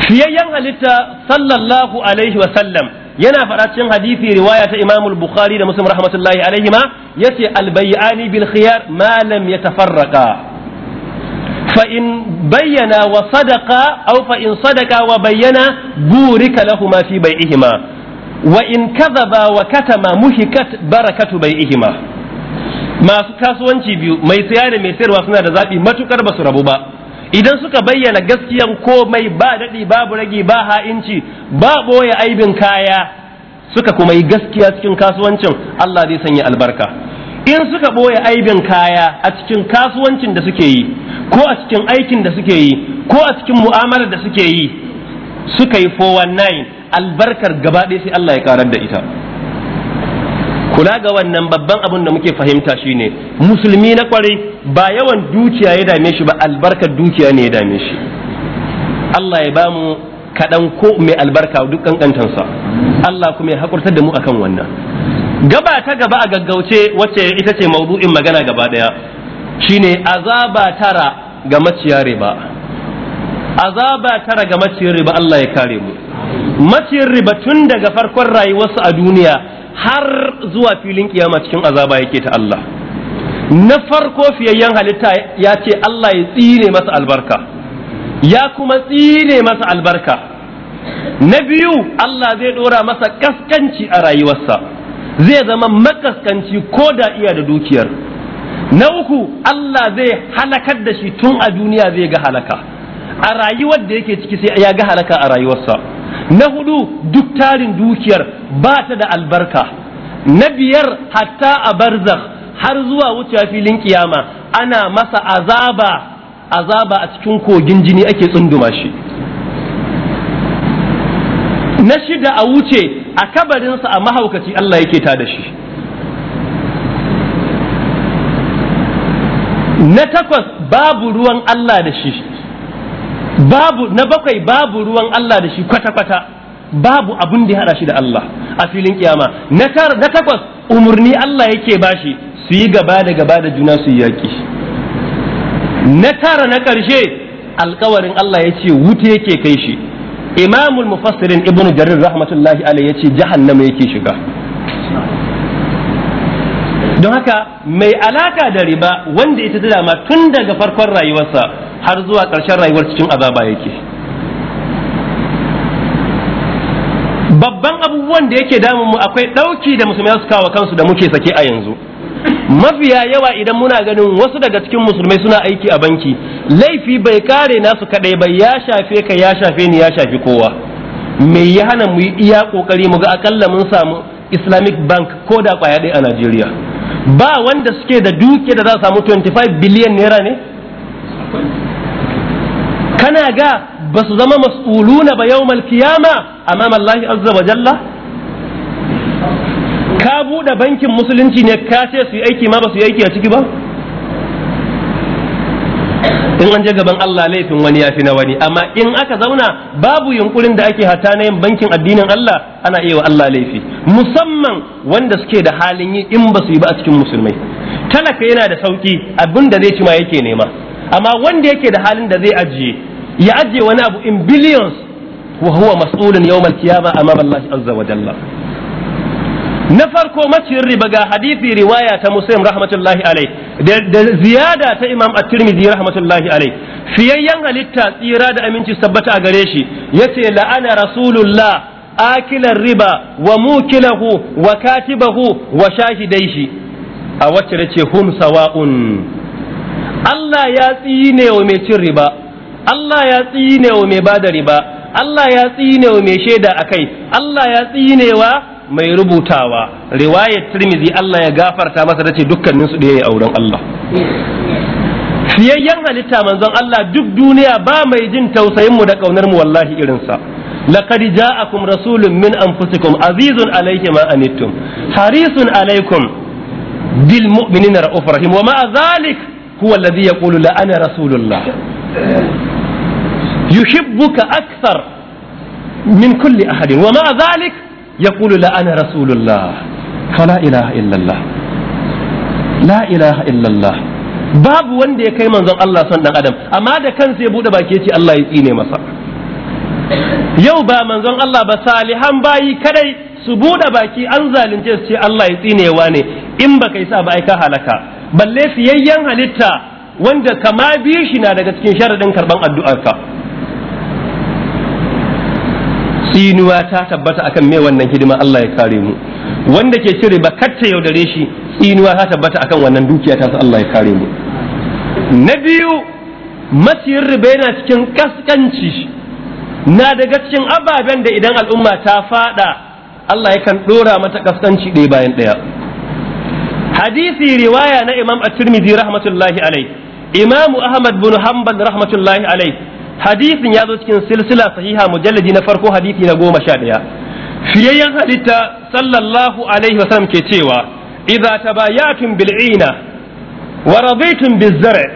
fiyayyen halitta sallallahu alaihi sallam yana faɗa cikin hadisi riwaya ta Imam Bukhari da Muslim rahmatullahi alaihi ma yace al-bay'ani bil khiyar ma lam yatafarraqa fa in bayyana wa sadaqa aw fa in sadaqa wa bayyana burika lahumu fi bai'ihima wa in kadhaba wa katama muhikat barakatu bai'ihima masu kasuwanci biyu mai saya da mai sayarwa suna da zaɓi matukar su rabu ba idan suka bayyana gaskiyan komai ba daɗi babu ragi ba ha'inci ba ɓoye aibin kaya suka kuma yi gaskiya cikin kasuwancin Allah zai sanya albarka in suka ɓoye aibin kaya a cikin kasuwancin da suke yi ko a cikin aikin da suke yi ko a cikin mu'amalar da suke yi suka yi 419 albarkar gaba ɗaya sai Allah ya karar da ita kula ga wannan babban abin da muke fahimta shine musulmi na kwarai ba yawan dukiya ya dame shi ba albarkar dukiya ne ya dame shi Allah ya bamu kaɗan ko mai albarka duk kankantansa Allah kuma ya hakurtar da mu akan wannan gaba ta gaba a gaggauce wacce ita ce maudu'in magana gaba daya shine azaba tara ga maciya riba azaba tara ga maciyar riba Allah ya kare mu maciyar riba tun daga farkon rayuwarsu a duniya har zuwa filin kiyama cikin azaba yake ta Allah na farko fiyayyen halitta ya ce Allah ya tsine masa albarka ya kuma tsine masa albarka na biyu Allah zai dora masa kaskanci a rayuwarsa zai zama makaskanci ko da iya da dukiyar na uku Allah zai halakar da shi tun a duniya zai ga halaka a rayuwar da yake ciki sai ya ga halaka a rayuwarsa na hudu duk tarin dukiyar ba ta da albarka na biyar hatta a barzakh har zuwa wuce filin kiyama ana masa azaba azaba a cikin kogin jini ake tsunduma shi na shida a wuce a kabarinsa a mahaukaci Allah yake ta da shi na takwas babu ruwan Allah da shi babu na bakwai babu ruwan Allah da shi kwata-kwata babu abun da ya hada shi da Allah a filin kiyama na takwas umarni Allah yake bashi su yi gaba da gaba da juna su yi yaki na tara na ƙarshe alkawarin Allah ya ce wuta yake kai shi imamul mufassirin ibnu jarir rahmatullahi alaihi ya ce jahannama yake shiga don haka mai alaka da riba wanda ita ta dama tun daga farkon rayuwarsa har zuwa ƙarshen rayuwar cikin azaba yake babban abubuwan da yake damun mu akwai ɗauki da musulmai su kawo kansu da muke sake a yanzu mafiya yawa idan muna ganin wasu daga cikin musulmai suna aiki a banki laifi bai kare nasu kadai ba ya shafe ka ya shafe ni ya shafi kowa me ya hana mu yi iya kokari mu ga akalla mun samu islamic bank ko da kwaya ɗaya a najeriya ba wanda suke da duke da za su samu 25 biliyan naira ne kana ga ba su zama mas'uluna ba yau malkiyama, amma Allah azza wa jalla ka buɗe bankin musulunci ne ka ce su yi aiki ma ba su yi aiki a ciki ba in an je gaban Allah laifin wani ya fi na wani amma in aka zauna babu yunkurin da ake hata na yin bankin addinin Allah ana iya wa Allah laifi musamman wanda suke da halin yi in ba su yi ba a cikin musulmai talaka yana da sauki abin da zai ci ma yake nema amma wanda yake da halin da zai ajiye ya ajiye wani abu in billions wa huwa mas'ulun yawmal qiyama amama Allah azza wa jalla na farko maciyin riba ga hadisi riwaya ta muslim rahmatullahi alai da ziyada ta imam at-tirmidhi rahmatullahi alai fiyayyen halitta tsira da aminci sabbata a gare shi yace la'ana rasulullah akilan riba wa mukilahu wa katibahu wa shahidai shi a wacce da ce hum sawa'un Allah ya tsine wa mai cin riba Allah ya tsine wa mai bada riba Allah ya tsine wa mai shaida a kai. Allah ya tsinewa mai rubutawa riwayar Tirmidhi Allah ya gafarta masa da dukkanin su da yayi auren Allah fiyayyen halitta manzon Allah duk duniya ba mai jin tausayin mu da ƙaunar mu wallahi irinsa لقد جاءكم min anfusikum أنفسكم عزيز عليه ما harisun حريص bil بالمؤمنين رؤوف رحيم ومع ذلك هو الذي يقول لا أنا ana الله يحبك أكثر من كل أحد ومع ذلك يقول لا أنا رسول الله فلا إله إلا الله لا إله إلا الله باب وندي كي منظر الله صلى الله عليه وسلم أما هذا كان سيبود باكيتي الله يتيني مصر يو با منظر الله بسالي هم باي كري سبود باكي أنزل انتسي الله يتيني واني إن بكي سابا ايكا حالكا بل ليس ييان حالتا وندي كما بيشنا لكتكين شردن كربان الدعاء tsinuwa ta tabbata akan me wannan hidima Allah ya kare mu wanda ke cire ba katta yaudare shi tsinuwa ta tabbata akan wannan dukiya ta Allah ya kare mu na biyu masiyar riba yana cikin kaskanci na daga cikin ababen da idan al'umma ta fada Allah ya kan dora mata kaskanci ɗaya bayan ɗaya hadisi riwaya na imam at-tirmidhi rahmatullahi alai imam ahmad bin hanbal rahmatullahi alai hadisin ya zo cikin silsila sahiha mujalladi na farko hadisi na goma sha ɗaya fiyayyen halitta sallallahu alaihi wasallam ke cewa idza tabayatum bil ina wa raditum biz zar'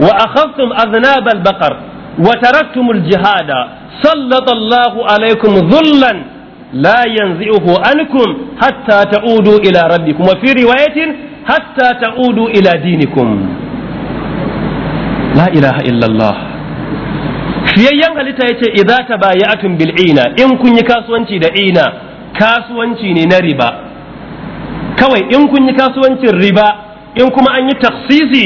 wa akhadtum aznab al baqar wa taraktum al jihada sallallahu alaikum dhullan la لا ankum hatta ta'udu ila rabbikum wa fi riwayatin hatta ta'udu ila dinikum la ilaha illa allah fiyayyen halitta yace idza tabaya'tum bil ina in kun yi kasuwanci da ina kasuwanci ne na riba kawai in kun yi kasuwancin riba in kuma an yi taksisi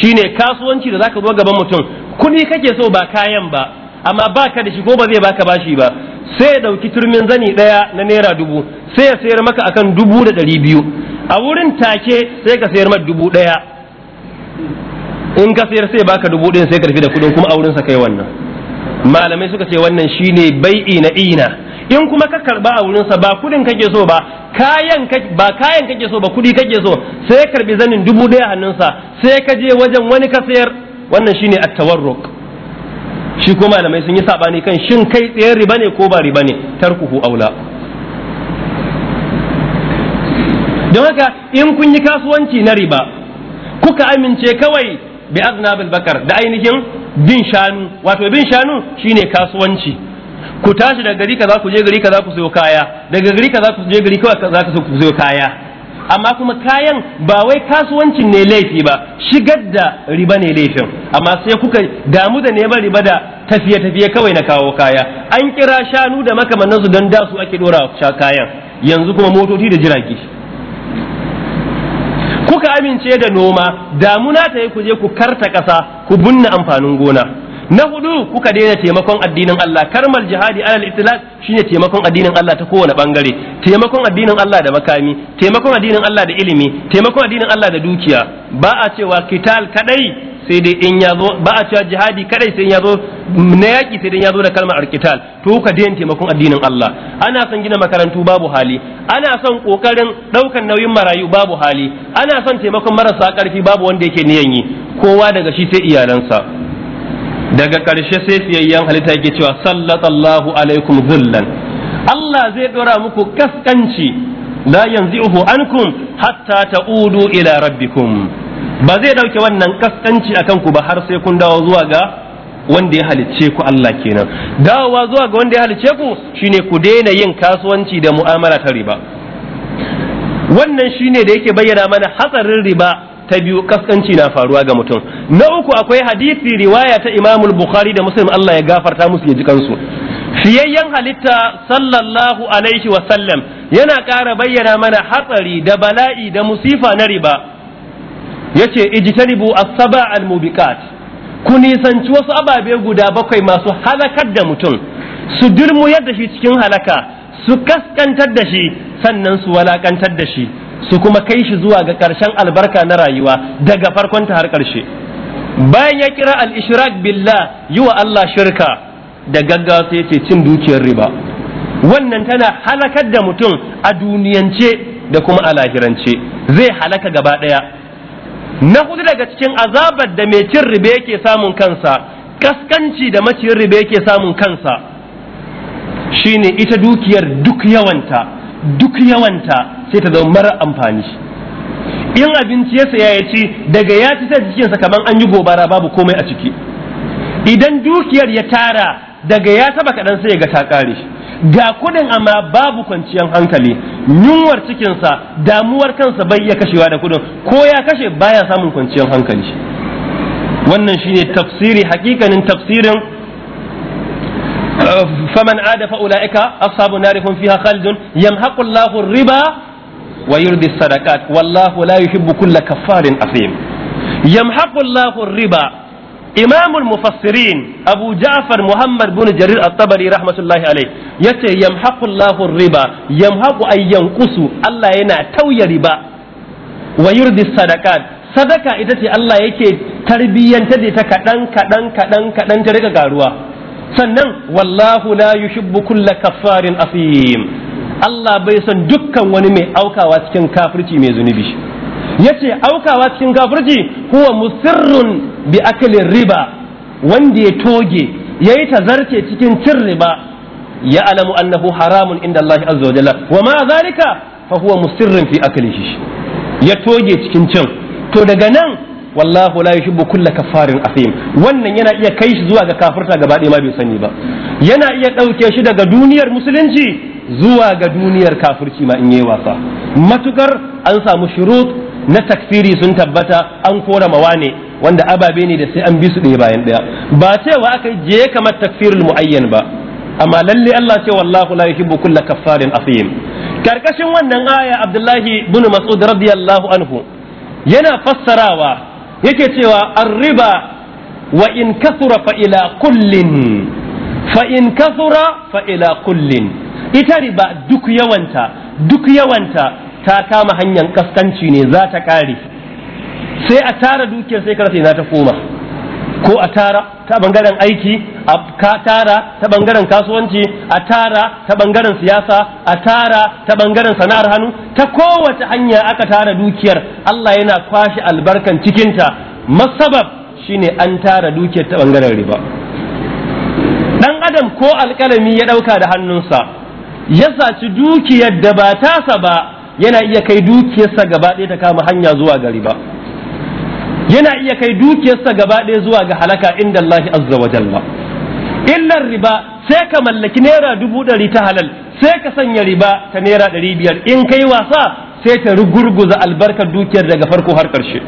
shine kasuwanci da zaka zo gaban mutum kuɗi kake so ba kayan ba amma baka da shi ko ba zai baka bashi ba sai ya ɗauki turmin zani daya na naira dubu sai ya sayar maka akan dubu da ɗari biyu a wurin take sai ka sayar maka dubu ɗaya in ka sayar sai baka dubu ɗaya sai ka tafi da kuɗin kuma a wurin sa kai wannan malamai suka ce wannan shine bai'i na ina in kuma ka karba a wurinsa ba kudin kake so ba kayan ba kayan kake so ba kudi kake so sai karbi zanin dubu daya hannunsa sai ka je wajen wani ka sayar wannan shine at-tawarruk shi ko malamai sun yi sabani kan shin kai tsayar riba ne ko ba riba ne tarkuhu aula don haka in kun yi kasuwanci na riba kuka amince kawai bi aznabil bakar da ainihin bin shanu wato bin shanu shine kasuwanci ku tashi daga gari kaza ku je gari kaza ku sayo kaya daga gari kaza ku je gari kaza ku sayo kaya amma kuma kayan ba wai kasuwancin ne laifi ba shigar da riba ne laifin amma sai kuka damu da neman riba da tafiye tafiye kawai na kawo kaya an kira shanu da makamanninsu don da su ake dora kayan yanzu kuma motoci da jirage kuka amince da noma damuna ta yi ku ku karta ƙasa ku bunna amfanin gona na hudu kuka daina taimakon addinin Allah karmal jihadi alal itlaq shine taimakon addinin Allah ta kowane bangare taimakon addinin Allah da makami taimakon addinin Allah da ilimi taimakon addinin Allah da dukiya ba a cewa kital kadai sai dai in ya zo ba a cewa jihadi kadai sai ya zo na yaki sai dai ya zo da kalmar alkital to ka daina taimakon addinin Allah ana son gina makarantu babu hali ana son kokarin daukan nauyin marayu babu hali ana son taimakon marasa karfi babu wanda yake niyan yi kowa daga shi sai iyalansa daga karshe sai siyayyan halitta yake cewa sallallahu alaikum zullan Allah zai dora muku kaskanci la yanzi'uhu ankum hatta ta'udu ila rabbikum ba zai ɗauke wannan kaskanci a kanku ba har sai kun dawo zuwa ga wanda ya halicce ku Allah kenan dawowa zuwa ga wanda ya halicce ku shine ku daina yin kasuwanci da mu'amala ta riba wannan shine da yake bayyana mana hatsarin riba ta biyu kaskanci na faruwa ga mutum na uku akwai hadisi riwaya ta imamul bukhari da muslim Allah ya gafarta musu ya ji kansu fiyayyen halitta sallallahu alaihi wa sallam yana ƙara bayyana mana hatsari da bala'i da musifa na riba yace ijtanibu as-saba al-mubiqat ku nisanci wasu ababe guda bakwai masu halakar da mutum su dirmu yadda shi cikin halaka su kaskantar da shi sannan su walakantar da shi su kuma kai shi zuwa ga ƙarshen albarka na rayuwa daga farkon ta har ƙarshe bayan ya kira al-ishrak billah yi Allah shirka da gaggawa sai ce cin dukiyar riba wannan tana halakar da mutum a duniyance da kuma a lahirance zai halaka gaba ɗaya na hudu daga cikin azabar da mai cin ribe yake samun kansa kaskanci da maciyin ribe yake samun kansa shine ita dukiyar duk yawanta duk yawanta sai ta zama mara amfani in abinci ya saya ya ci daga ya ci sai jikinsa kamar an yi gobara babu komai a ciki idan dukiyar ya tara daga ya taba kaɗan sai ya ga ta ƙare ga kudin amma babu kwanciyar hankali yunwar cikinsa damuwar kansa bai iya kashewa da kudin ko ya kashe baya samun kwanciyar hankali wannan shine tafsiri hakikanin tafsirin eh, faman adafa fa ulaika ashabun nar hum fiha khalidun yamhaqu Allahu riba wa yurdi sadaqat wallahu la yuhibbu kulla kaffarin asim yamhaqu Allahu riba imamul mufassirin abu ja'far muhammad bin jarir at-tabari rahmatullahi alayh yace yamhaqu Allahu riba yamhaqu ay yanqusu Allah yana tauya riba wa yurdi sadaka ita ce Allah yake tarbiyyanta da ta kaɗan kaɗan kaɗan kadan ta rika karuwa sannan wallahu la yuhibbu kulla kaffarin asim Allah bai son dukkan wani mai aukawa cikin kafirci mai zunubi yace aukawa cikin kafirci huwa musirrun bi akalin riba wanda ya toge yayi tazarce cikin cin riba ya alamu annahu haramun inda Allah azza wa jalla wa ma zalika fa huwa musirrun fi shi ya toge cikin cin to daga nan wallahu la yuhibbu kulla kafarin asim wannan yana iya kai shi zuwa ga kafirta gaba ɗaya ma bai sani ba yana iya ɗauke shi daga duniyar musulunci zuwa ga duniyar kafirci ma in yi wasa matukar an samu shurut na takfiri sun tabbata an kora mawane wanda ababe ne da sai an bi su ɗaya bayan ɗaya ba cewa aka je kamar takfirul muayyan ba amma lalle Allah ce wallahu la yuhibbu kulla kaffarin asim karkashin wannan aya Abdullahi ibn Mas'ud radiyallahu anhu yana fassarawa yake cewa arriba wa in kathura fa ila kullin fa in kathura fa ila kullin ita riba duk yawanta duk yawanta ta kama hanyar kaskanci ne za ta kare sai a tara dukiyar sai karfe na ta koma ko a tara ta bangaren aiki a ka tara ta bangaren kasuwanci a tara ta bangaren siyasa a tara ta bangaren sana'ar hannu ta kowace hanya aka tara dukiyar Allah yana kwashe albarkan cikinta masabab shine an tara dukiyar ta bangaren riba dan adam ko alkalami ya ɗauka da hannunsa ya saci dukiyar da ba tasa ba yana iya kai dukiyarsa gaba ɗaya ta kama hanya zuwa ga riba yana iya kai dukiyarsa gaba ɗaya zuwa ga halaka inda Allah azza wa jalla illar riba sai ka mallaki naira dubu ɗari ta halal sai ka sanya riba ta naira ɗari biyar in kai wasa sai ta rugurguza albarkar dukiyar daga farko har ƙarshe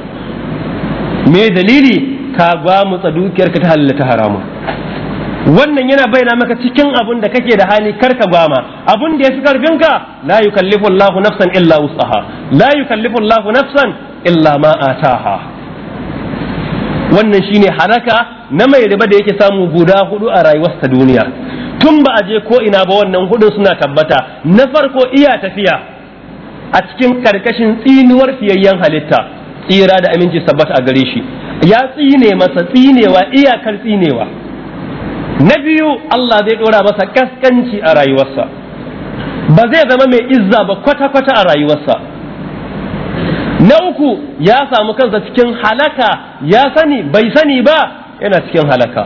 me dalili ka gwamutsa dukiyarka ta halal ta harama. wannan yana bayyana maka cikin abun da kake da hali karka gwama abun da yafi karfin ka la yukallifu Allahu nafsan illa wus'aha la yukallifu Allahu nafsan illa ma ataha wannan shine haraka na mai riba da yake samu guda hudu a rayuwar ta duniya tun ba a je ko ina ba wannan hudu suna tabbata na farko iya tafiya a cikin karkashin tsinuwar fiyayyen halitta tsira da aminci sabbata a gare shi ya tsine masa tsinewa iyakar tsinewa na biyu Allah zai dora masa kaskanci a rayuwarsa ba zai zama mai izza ba kwata-kwata a rayuwarsa na uku ya samu kansa cikin halaka ya sani bai sani ba yana cikin halaka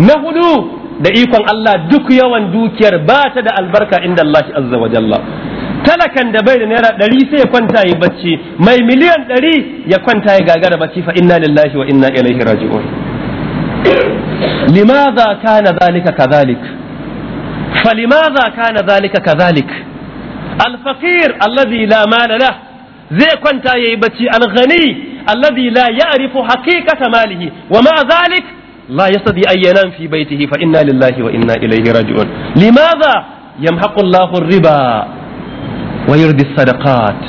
na hudu da ikon Allah duk yawan dukiyar ba ta da albarka inda Allah azza wa jalla talakan da bai da naira ɗari sai ya kwanta ya bacci mai miliyan ɗari ya kwanta ya gagara bacci fa inna lillahi wa inna ilaihi raji'un لماذا كان ذلك كذلك فلماذا كان ذلك كذلك الفقير الذي لا مال له زي كنت يبتي الغني الذي لا يعرف حقيقة ماله ومع ذلك لا يستطيع أن ينام في بيته فإنا لله وإنا إليه راجعون لماذا يمحق الله الربا ويربي الصدقات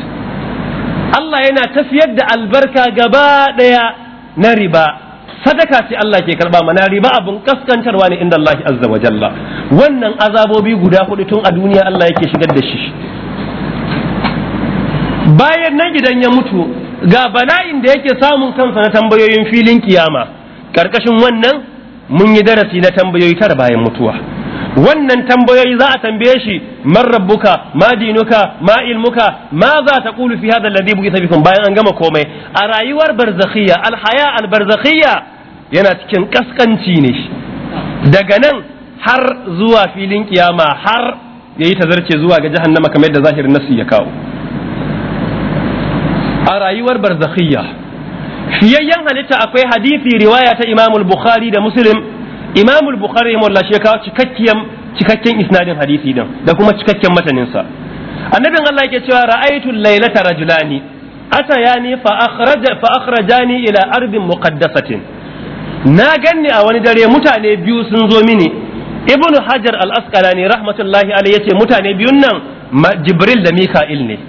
الله ينا تفيد البركة قبادة نربا sadaka ce Allah ke karba mana riba abun kaskantarwa ne inda Allah azza wa jalla wannan azabobi guda hudu tun a duniya Allah yake shigar da shi bayan nan idan ya mutu ga bala'in da yake samun kansa na tambayoyin filin kiyama karkashin wannan mun yi darasi na tambayoyi tara bayan mutuwa wannan tambayoyi za a tambaye shi man rabbuka ma dinuka ma ilmuka ma za ta kulu fi hada alladhi bughitha bayan an gama komai a rayuwar haya alhaya albarzakhiyya yana cikin kaskanci ne daga nan har zuwa filin kiyama har ya yi tazarce zuwa ga jahannama kamar yadda zahirin nasu ya kawo a rayuwar barzakhiyya fiyayyen halitta akwai hadisi riwaya ta imamul bukhari da muslim imamul bukhari ya mulla shi kawo cikakken isnadin hadisi din da kuma cikakken mataninsa annabin Allah yake cewa ra'aytu laylata rajulani atayani fa akhraja fa akhrajani ila ardin muqaddasatin na ganni a wani dare mutane biyu sun zo mini ibnu hajar al-asqalani rahmatullahi alayhi yace mutane biyun nan jibril da mika'il ne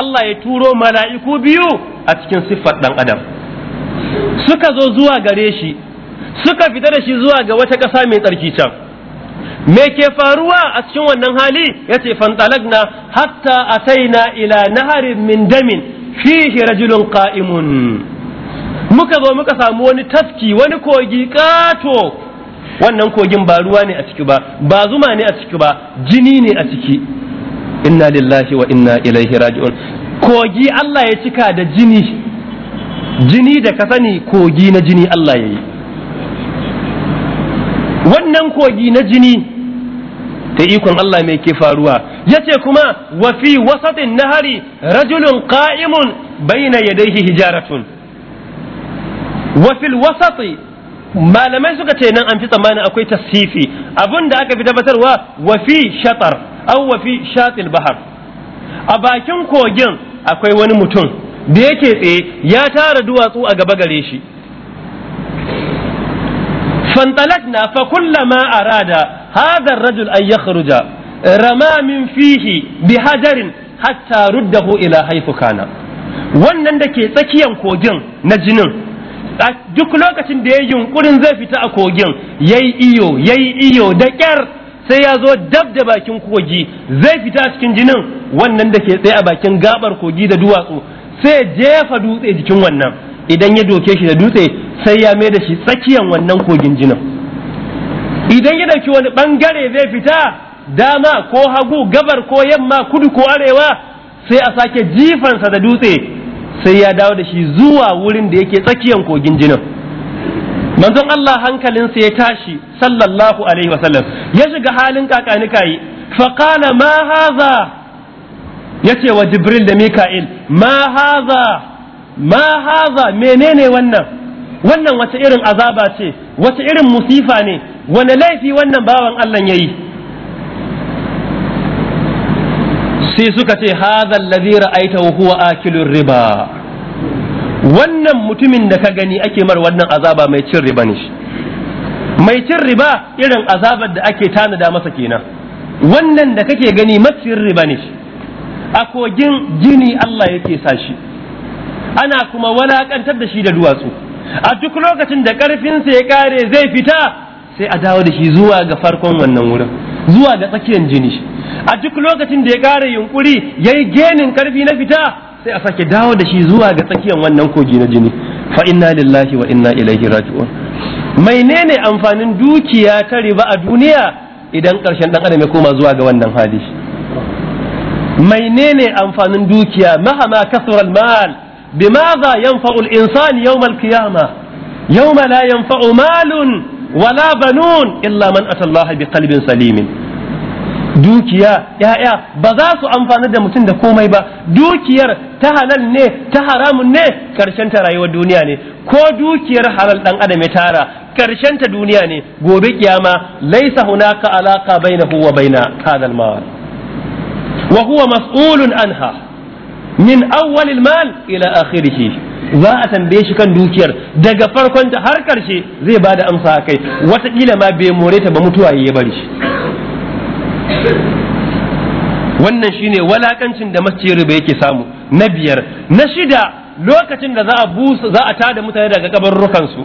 Allah ya turo mala'iku biyu a cikin siffar dan adam suka zo zuwa gare shi suka fita da shi zuwa ga wata ƙasa mai tsarki can me ke faruwa a cikin wannan hali yace fantalagna hatta ataina ila naharin min damin fihi rajulun qa'imun muka zo muka samu wani taski, wani kogi kato wannan kogin ba ruwa ne a ciki ba ba zuma ne a ciki ba jini ne a ciki inna lillahi wa inna ilaihi raji'un kogi Allah ya cika da jini jini da ka sani kogi na jini Allah ya yi wannan kogi na jini ta ikon Allah mai ke faruwa ya ce kuma wafi wasatin nahari rajulun bayyana yadda yadayhi hijaratun wafil wasati malamai suka ce nan an fi tsammanin akwai tasifi abin da aka fi tabbatarwa wafi shatar an wafi shatil bahar a bakin kogin akwai wani mutum da yake tsaye ya tara duwatsu a gaba gare shi na فانطلقنا فكلما أراد هذا الرجل أن يخرج رمى من فيه بحجر حتى رده إلى ila haifukana wannan da ke tsakiyan kogin na jinin duk lokacin da ya yunkurin zai fita a kogin yayi iyo yayi iyo da kyar sai ya zo dab da bakin kogi zai fita cikin jinin wannan da ke tsaye a bakin gabar kogi da duwatsu sai jefa dutse jikin wannan idan ya doke shi da dutse sai ya mai da shi tsakiyan wannan kogin jinin idan ya dauki wani bangare zai fita dama ko hagu gabar ko yamma kudu ko arewa sai a sake jifansa da dutse sai ya dawo da shi zuwa wurin da yake tsakiyar kogin jinin manzon Allah hankalinsa ya tashi sallallahu alaihi wasallam ya shiga halin kakani kayi faqala ma haza yace wa jibril da mika'il ma haza ma haza menene wannan wannan wace irin azaba ce wace irin musifa ne wani laifi wannan bawan Allah yayi sai suka ce hadha alladhi ra'aitahu huwa akilur riba wannan mutumin da ka gani ake mar wannan azaba mai cin riba ne shi mai cin riba irin azabar da ake tanada masa kenan wannan da kake gani maciyin riba ne shi a kogin jini Allah yake sa shi ana kuma walakantar da shi da duwatsu a duk lokacin da sa ya kare zai fita sai a dawo da shi zuwa ga farkon wannan wurin zuwa ga tsakiyar jini a duk lokacin da ya ƙara yunkuri ya yi genin ƙarfi na fita sai a sake dawo da shi zuwa ga tsakiyar wannan kogi na jini fa inna lillahi wa inna ilaihi raji'un menene amfanin dukiya ta riba a duniya idan ƙarshen ɗan adam ya koma zuwa ga wannan hali menene amfanin dukiya mahama kasral mal bimaza yanfa'u al-insan yawm al-qiyamah yawma la yanfa'u malun wala banun illa man atallaha bi qalbin salimin dukiya ya'ya ba za su amfani da mutum da komai ba dukiyar ta halal ne ta haramun ne karshen rayuwar duniya ne ko dukiyar halal ɗan adamia tara karshen ta duniya ne gobe kiyama laisa hunaka alaka bainahu wa baina hadal mal wa huwa mas'ulun anha min awwal al mal ila akhirih za a tambaye shi kan dukiyar daga farkon ta har karshe zai bada amsa a kai watakila ma bai more ta ba mutuwa ya bari shi wannan shine walakancin da masjid yake samu na biyar na shida lokacin da za a busa za a tada mutane daga kabarrukan su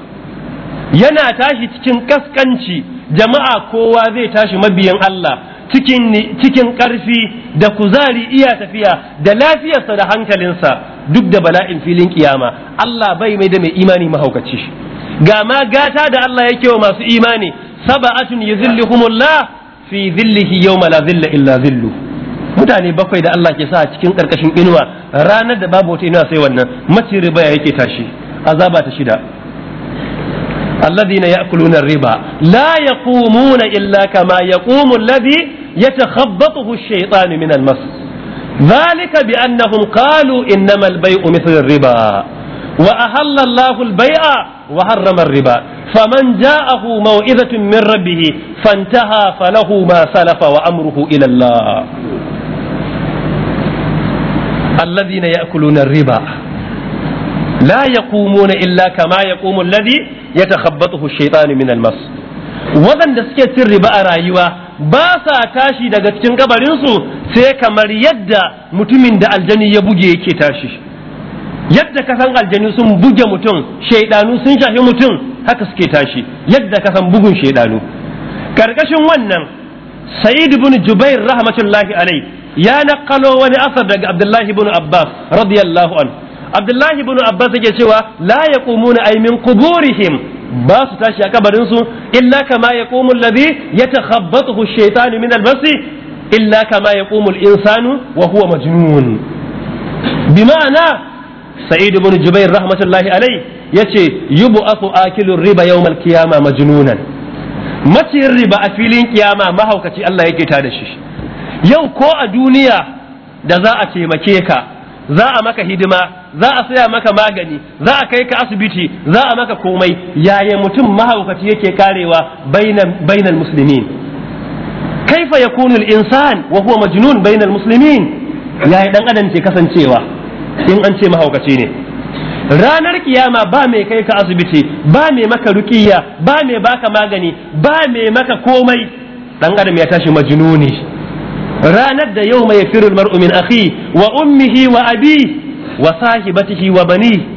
yana tashi cikin kaskanci jama'a kowa zai tashi mabiyan Allah cikin ƙarfi da kuzari iya tafiya da lafiyarsa da hankalinsa duk da bala'in filin kiyama Allah bai mai da mai imani mahaukaci ga ma gata da Allah yake wa masu imani saba'atun yuzillihumullah fi zillihi yau la zilla illa zillu mutane bakwai da Allah ke sa cikin ƙarƙashin inuwa ranar da babu wata inuwa sai wannan macin baya yake tashi azaba ta shida الذين يأكلون الربا لا يقومون إلا كما يقوم الذي يتخبطه الشيطان من المس ذلك بأنهم قالوا إنما البيع مثل الربا وأهل الله البيع وحرم الربا فمن جاءه موعظة من ربه فانتهى فله ما سلف وأمره إلى الله الذين يأكلون الربا kumo na illa kama ya alladhi yatakhabbathu ash-shaytanu min al-mas waɗanda suke cin riba a rayuwa ba sa tashi daga cikin kabarinsu sai kamar yadda mutumin da aljanu ya buge yake tashi yadda ka san aljani sun buge mutum shaiɗanu sun shafi mutum haka suke tashi yadda ka san bugun shaiɗanu. karkashin wannan sa'id ibn jubair rahmatullahi alai ya nakalo wani asar daga abdullahi ibn abbas radiyallahu anhu abdullahi ibn abbas yake cewa la yaqumuna aimin min quburihim ba su tashi a kabarin su illa kama yaqumu alladhi yatakhabbathu ash-shaytanu min albasi? masi illa kama yaqumu al-insanu wahuwa huwa majnun bima'ana sa'id ibn jubair rahmatullahi alayh yace yub'athu akilu riba yawm al-qiyama majnunan maciyin riba a filin kiyama mahaukaci Allah yake tada shi yau ko a duniya da za a taimake ka za a maka hidima za a saya maka magani za a kai ka asibiti za a maka komai yaya mutum mahaukaci yake karewa bainal muslimin kaifa ya al-insan wa huwa majnun bainal muslimin yaya dan adam ke kasancewa in an ce mahaukaci ne ranar kiyama ba mai kai ka asibiti ba mai maka rukiya ba mai baka magani ba mai maka komai dan adam ya tashi majnuni ranar da yau mai firul mar'u min akhi wa ummihi wa abi wa sahibatihi wa bani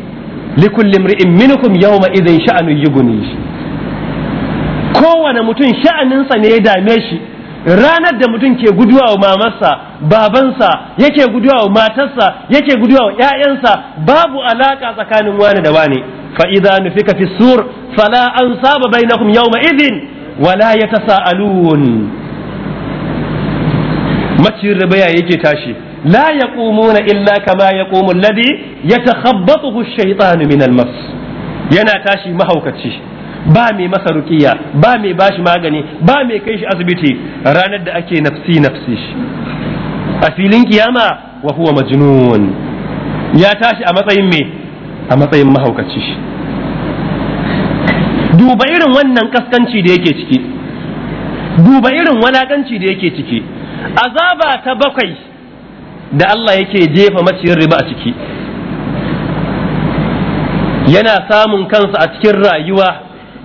likulli imri'in minkum yawma idhin sha'anun yughni kowane mutum sha'aninsa ne ya dame shi ranar da mutum ke guduwa wa mamarsa babansa yake guduwa wa matarsa yake guduwa wa ƴaƴansa babu alaka tsakanin wani da wani fa idza nufika fi sur fala ansaba bainakum yawma idhin wala yatasaalun macin rabaya yake tashi la na illa kama yaqumu alladhi yatakhabbathu ash-shaytanu min al-mas yana tashi mahaukaci ba mai masa rukiya ba mai bashi magani ba mai kai shi asibiti ranar da ake nafsi nafsi a filin kiyama wa huwa majnun ya tashi a matsayin me a matsayin mahaukaci duba irin wannan kaskanci da yake ciki duba irin walakanci da yake ciki azaba ta bakwai da Allah yake jefa maciyin riba a ciki yana samun kansa a cikin rayuwa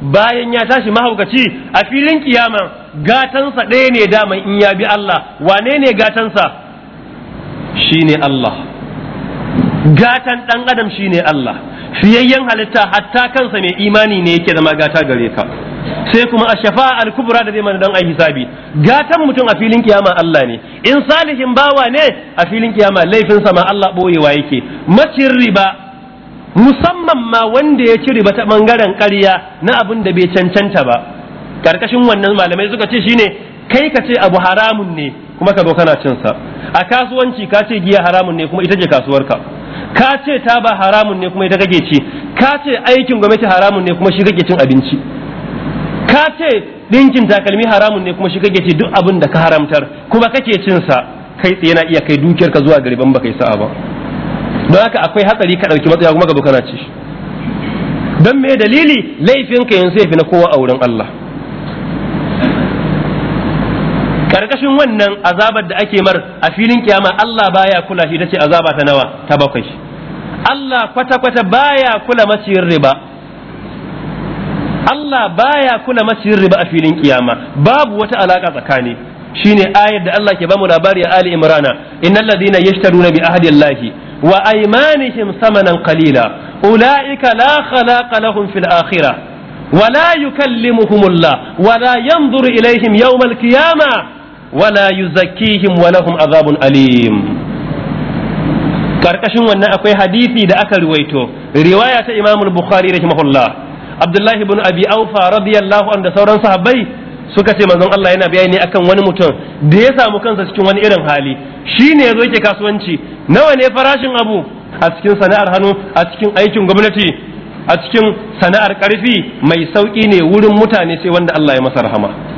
bayan ya tashi mahaukaci a filin kiyama gatansa ɗaya ne daman in ya bi Allah wane ne gatansa ne Allah gatan ɗan adam ne Allah fiyayyen halitta hatta kansa mai imani ne yake zama gata gare ka sai kuma a shafa'a al-kubra da zai mana don a hisabi gatan mutum a filin kiyama Allah ne in salihin bawa ne a filin kiyama laifin sa ma Allah boyewa yake macin riba musamman ma wanda ya ci riba ta bangaren ƙarya na abin da bai cancanta ba karkashin wannan malamai suka ce shine kai ka ce abu haramun ne kuma ka zo kana cin sa a kasuwanci ka ce giya haramun ne kuma ita ce kasuwarka ka ce ta ba haramun ne kuma ita kake ci ka ce aikin gwamnati haramun ne kuma shi kake cin abinci ka ce ɗinkin takalmi haramun ne kuma shi kake ce duk abin da ka haramtar kuma kake cin sa kai tsaye na iya kai dukiyar ka zuwa gariban baka yi sa'a ba don haka akwai hatsari ka ɗauki matsaya kuma gaba kana ci don me dalili laifin ka yanzu yafi na kowa a wurin Allah karkashin wannan azabar da ake mar a filin kiyama Allah baya kula shi tace azaba ta nawa ta bakwai Allah kwata-kwata baya kula maciyar riba Allah baya kula maciyin riba a filin kiyama babu wata alaka tsakani shine ayar da Allah ke bamu labari a Ali Imrana innal ladina yashtaruna bi ahdi Allahi wa aymanihim samanan qalila ulaika la khalaqa lahum fil akhirah ولا يكلمهم الله ولا ينظر إليهم يوم القيامة ولا يزكيهم ولهم عذاب أليم karkashin wannan akwai hadisi da aka ruwaito riwaya ta Imam Bukhari rahimahullah abdullahi ibn abi aufa radiyallahu anhu da sauran sahabbai suka ce manzon Allah yana bayani akan wani mutum da ya samu kansa cikin wani irin hali shine yazo yake kasuwanci nawa ne farashin abu a cikin sana'ar hannu a cikin aikin gwamnati a cikin sana'ar karfi mai sauki ne wurin mutane sai wanda Allah ya masa rahama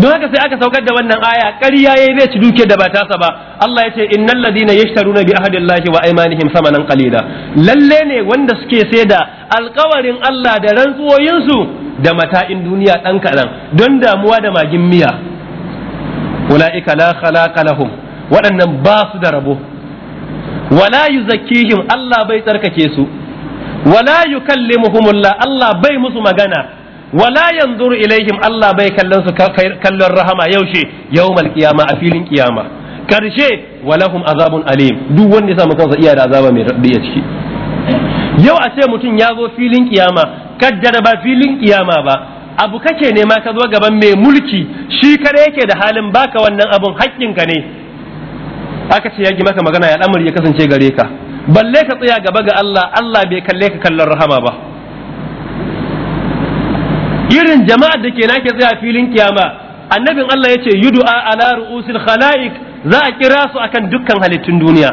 don haka sai aka saukar da wannan aya ƙarya yayi zai ci duke da ba tasa ba Allah ya ce innal ladina yashtaruna bi ahdillahi wa aymanihim samanan qalila lalle ne wanda suke sai da alƙawarin Allah da rantsuwoyinsu da mata'in duniya dan kadan don damuwa da magin miya ulaika la khalaqa lahum waɗannan ba su da rabo wala yuzakkihim Allah bai tsarkake su wala yukallimuhumullah Allah bai musu magana wala yanzuru ilaihim Allah bai kallon su kallon rahama yaushe yawmal qiyama a filin qiyama karshe walahum azabun alim duk wanda ya samu kansa iya da azaba mai rabbi a ciki yau a ce mutum ya zo filin kiyama kaddara ba filin kiyama ba abu kake nema ka zo gaban mai mulki shi kare yake da halin baka wannan abun ka ne aka ce ya maka magana ya al'amari ya kasance gare ka balle ka tsaya gaba ga Allah Allah bai kalle ka kallon rahama ba irin jama'ar da ke nake tsaya filin kiyama annabin Allah yace a ala ru'usil khala'ik za a kira su akan dukkan halittun duniya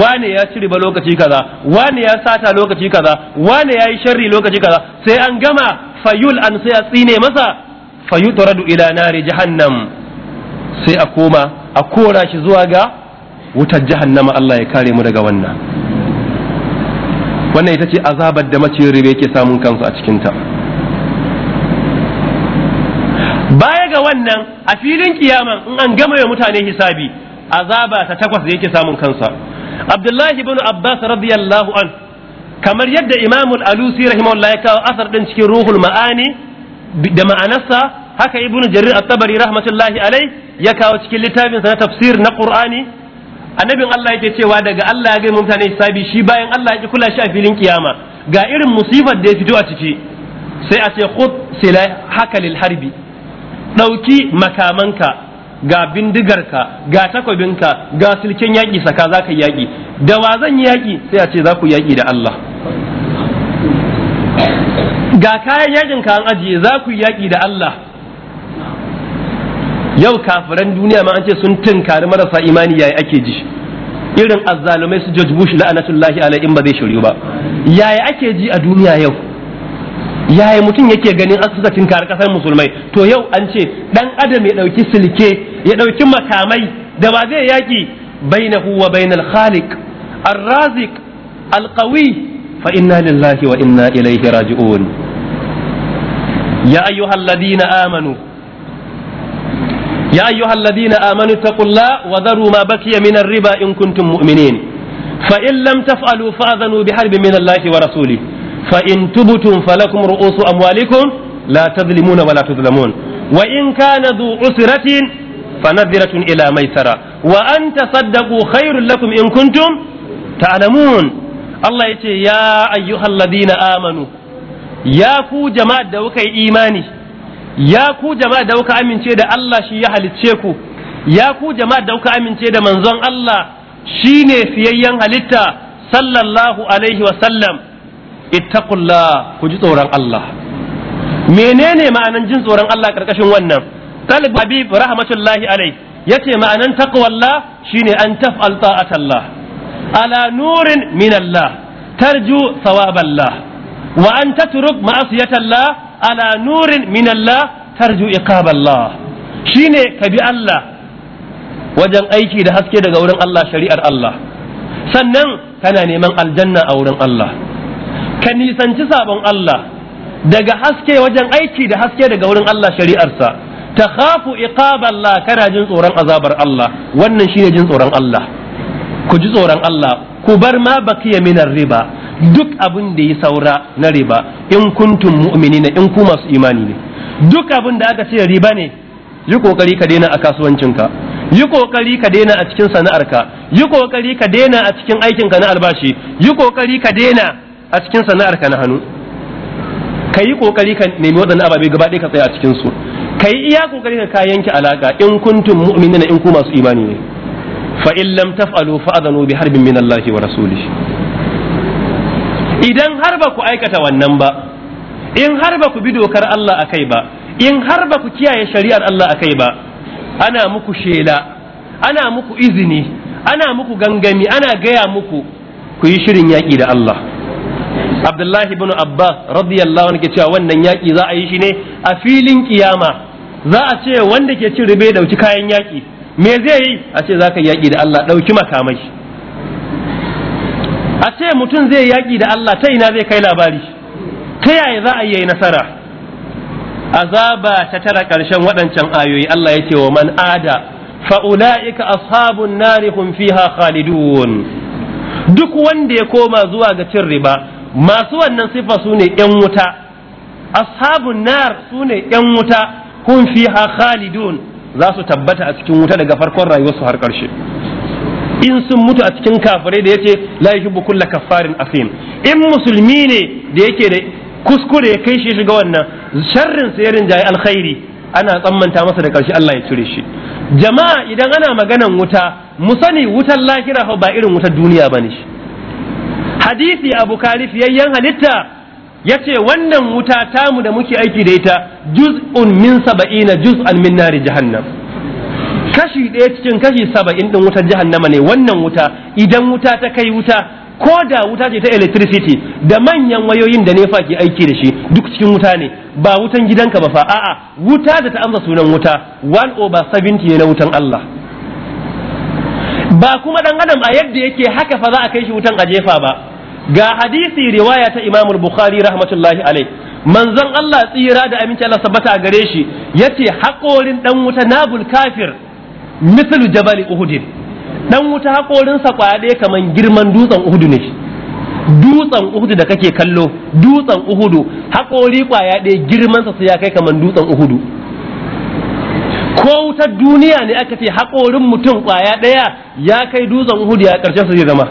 wane ya ciriba ba lokaci kaza wane ya sata lokaci kaza wane ya yi sharri lokaci kaza sai an gama fayul an sai a tsine masa fayutradu ila nari jahannam sai a koma a kora shi zuwa ga wutar jahannama Allah ya kare mu daga wannan wannan ita ce azabar da mace yake samun kansu a cikin ta wannan a filin kiyama in an gama wa mutane hisabi azaba ta takwas da yake samun kansa abdullahi ibn abbas radiyallahu an kamar yadda imam al-alusi rahimahullah ya kawo asar din cikin ruhul ma'ani da ma'anarsa haka ibn jarir at-tabari rahmatullahi alai ya kawo cikin littafin sa na tafsir na qur'ani annabin Allah yake cewa daga Allah ya ga mutane hisabi shi bayan Allah ya kula shi a filin kiyama ga irin musifar da ya fito a ciki sai a ce khud sila haka lil harbi ɗauki makamanka ga bindigarka ga takwabinka ga silken yaƙi saka za ka yaƙi da wa zan yi yaƙi sai a ce za ku yaƙi da Allah ga kayan yaƙin ka an ajiye za ku yaƙi da Allah yau kafiran duniya ma an ce sun tunkari marasa imani yayi ake ji irin azzalumai su George Bush la'anatullahi alaihim in ba zai shiryu ba yayi ake ji a duniya yau yaya mutum yake ganin an suka kasar musulmai to yau an ce dan adam ya dauki silke ya dauki makamai da ba zai yaki bainahu wa bainal khaliq ar-raziq al-qawi fa inna lillahi wa inna ilaihi raji'un ya ayyuhalladhina amanu يا أيها الذين آمنوا اتقوا الله وذروا ما بقي من الربا إن كنتم مؤمنين فإن لم تفعلوا فآذنوا بحرب من الله ورسوله fa in tubtum falakum ru'usu amwalikum la tadlimuna wa la tudlamun wa in kana dhu usratin fanadhiratun ila maisara wa an tasaddaqu khairul lakum in kuntum ta'lamun Allah yace ya ayyuhalladhina amanu ya ku jama'a da kuka yi imani ya ku jama'a da kuka amince da Allah shi ya halicce ku ya ku jama'a da kuka amince da manzon Allah shine fiyayyen halitta sallallahu alaihi wa sallam ittaqullah ku ji tsoron Allah menene ma'anan jin tsoron Allah karkashin wannan Talib Habib rahmatullahi alai yace ma'anan taqwallah shine an taf'al ta'atallah ala nurin min Allah tarju thawaballah wa an tatruk ma'asiyatallah ala nurin min Allah tarju iqaballah shine ka bi Allah wajen aiki da haske daga wurin Allah shari'ar Allah sannan kana neman aljanna a wurin Allah ka nisanci sabon Allah daga haske wajen aiki da haske daga wurin Allah shari'arsa ta khafu iqaballah kana jin tsoron azabar Allah wannan shine jin tsoron Allah ku ji tsoron Allah ku bar ma bakiya minar riba duk abin da yi saura na riba in kuntum mu'minina in ku masu imani ne duk abin da aka ce riba ne yi kokari ka daina a kasuwancinka yi kokari ka daina a cikin sana'arka yi kokari ka daina a cikin aikinka na albashi yi kokari ka daina a cikin sana'ar ka na hannu ka yi kokari ka nemi waɗannan ababe gaba ɗaya ka tsaya a cikin su ka yi iya kokari ka ka yanke alaka in kuntum mu'minina in ku masu imani ne fa in lam taf'alu adanu bi harbin min Allah wa rasulih idan har ba ku aikata wannan ba in har ba ku bi dokar Allah akai ba in har ba ku kiyaye shari'ar Allah akai ba ana muku shela ana muku izini ana muku gangami ana gaya muku ku yi shirin yaƙi da Allah abdullahi ibn abbas radiyallahu anhu ke cewa wannan yaki za a yi shi ne a filin kiyama za a ce wanda ke cin ribe dauki kayan yaki me zai yi a ce zaka yaki da Allah dauki makamai a ce mutum zai yaƙi da Allah ta ina zai kai labari ta yaya za a yi nasara azaba ta tara karshen waɗancan ayoyi Allah ya ce wa man ada fa ulaika ashabun narihun fiha khalidun duk wanda ya koma zuwa ga cin riba masu wannan sifa su ne ‘yan wuta, ashabun nar su ne ‘yan wuta, kun fi ha khalidun za su tabbata a cikin wuta daga farkon rayuwarsu har ƙarshe. In sun mutu a cikin kafirai da yace ce la yuhibbu kulla afim in musulmi ne da yake da kuskure ya kai shi shiga wannan sharrin sa ya rinjaye alkhairi ana tsammanta masa da ƙarshe Allah ya cire shi jama'a idan ana maganan wuta mu sani wutar lahira ba irin wutar duniya bane shi hadisi a bukari fiyayyen halitta ya ce wannan wuta tamu da muke aiki da ita juz'un min saba'ina juz'an min nari jahannam kashi ɗaya cikin kashi saba'in ɗin wutar jahannama ne wannan wuta idan wuta ta kai wuta ko da wuta ce ta electricity da manyan wayoyin da nefa ke aiki da shi duk cikin wuta ne ba wutan gidanka ba fa a'a wuta da ta amsa sunan wuta 1 over 70 ne na wutan Allah ba kuma dan adam a yadda yake haka fa za a kai shi wutan a jefa ba ga hadisi riwaya ta Imam Bukhari rahmatullahi alai manzon Allah tsira da aminci Allah sabbata a gare shi yace haƙorin dan wuta nabul kafir mithlu jabal uhud dan wuta haƙorin sa ɗaya kaman girman dutsen uhud ne dutsen uhud da kake kallo dutsen uhud haƙori kwaya ɗaya girman sa ya kai kaman dutsen uhud ko wutar duniya ne aka ce haƙorin mutum kwaya ɗaya ya kai dutsen uhud ya karshe su zama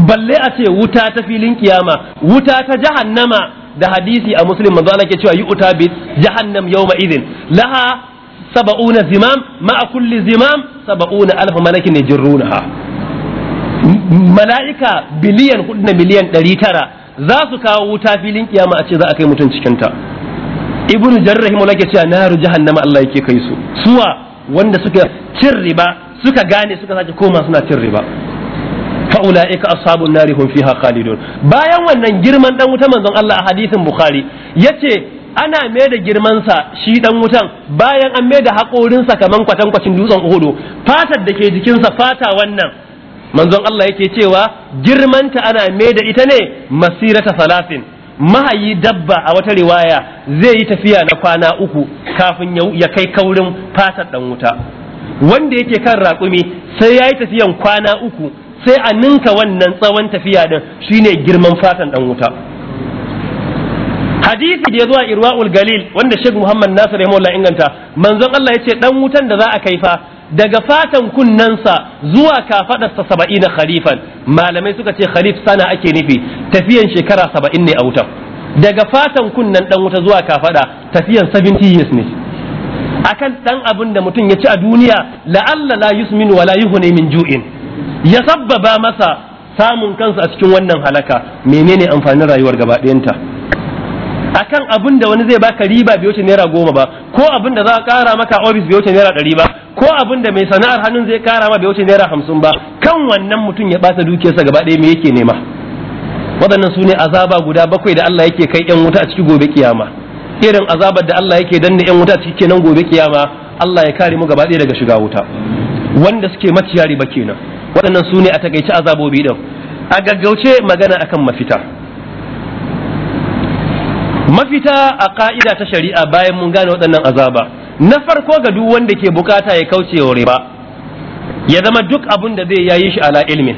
balle a ce wuta ta filin kiyama wuta ta jahannama da hadisi a muslim manzo Allah ke cewa yi uta bi jahannam yawma idin laha sab'una zimam ma kulli zimam sab'una alf malakin yajrunha mala'ika biliyan hudu na miliyan ɗari tara za su kawo wuta filin kiyama a ce za a kai mutum ta ibnu jarrahim ke cewa naru jahannama Allah yake kai su suwa wanda suka cin riba suka gane suka sake koma suna cin riba fa ulaika ashabun nari fiha khalidun bayan wannan girman dan wuta manzon Allah a hadisin bukhari yace ana mai da girmansa shi dan wutan bayan an mai da haƙorinsa kaman kwatankwacin dutsen uhudu fatar da ke jikinsa fata wannan manzon Allah yake cewa girmanta ana mai da ita ne masirata salasin mahayi dabba a wata riwaya zai yi tafiya na kwana uku kafin ya kai kaurin fatar dan wuta wanda yake kan raƙumi sai ya yi tafiyan kwana uku sai a ninka wannan tsawon tafiya din shine girman fatan dan wuta hadisi da ya zuwa irwa'ul galil wanda Sheikh Muhammad Nasir ya maula inganta manzon Allah ya ce dan wutan da za a kai fa daga fatan kunnansa zuwa kafadarsa saba'ina kharifan malamai suka ce kharif sana ake nufi tafiyan shekara saba'in ne a wutan daga fatan kunnan dan wuta zuwa kafada tafiyan 70 years ne akan dan abin da mutum ya ci a duniya la'alla la yusminu wa la yuhni min ju'in ya sabbaba masa samun kansa a cikin wannan halaka menene amfanin rayuwar gaba ɗayanta akan abin da wani zai baka riba bai wuce naira goma ba ko abin da za a kara maka ofis bai wuce naira ɗari ba ko abin da mai sana'ar hannun zai kara ma bai wuce naira hamsin ba kan wannan mutum ya ɓata dukiyarsa gaba ɗaya me yake nema waɗannan su ne azaba guda bakwai da Allah yake kai 'yan wuta a ciki gobe kiyama irin azabar da Allah yake danna 'yan wuta a cikin nan gobe kiyama Allah ya kare mu gaba ɗaya daga shiga wuta wanda suke maciya riba kenan waɗannan su ne a takaice azabobi ɗin a gaggauce magana akan mafita mafita a ƙa'ida ta shari'a bayan mun gane waɗannan azaba na farko ga duk wanda ke bukata ya kauce wa riba ya zama duk abin da zai yayi shi ala ilmin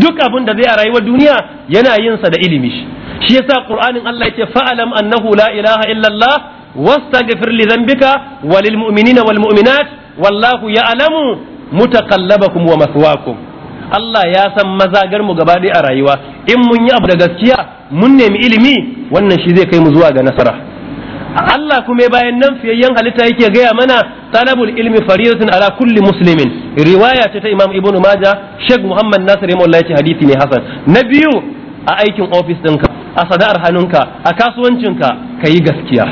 duk abin da zai a rayuwar duniya yana yin sa da ilimi shi shi yasa qur'anin Allah yace fa'alam annahu la ilaha illallah wastaghfir li dhanbika walil mu'minina wal mu'minat wallahu ya'lamu mutaqallabakum wa maswakum Allah ya san mazagar mu gaba a rayuwa in mun yi abu da gaskiya mun nemi ilimi wannan shi zai kai mu zuwa ga nasara Allah kuma bayan nan fiyayyen halitta yake gaya mana talabul ilmi faridatun ala kulli muslimin riwaya ta Imam Ibn Majah Sheikh Muhammad Nasir Yamullah yace hadisi ne hasan na biyu a aikin office ɗinka a sadar hannunka a kasuwancinka kayi gaskiya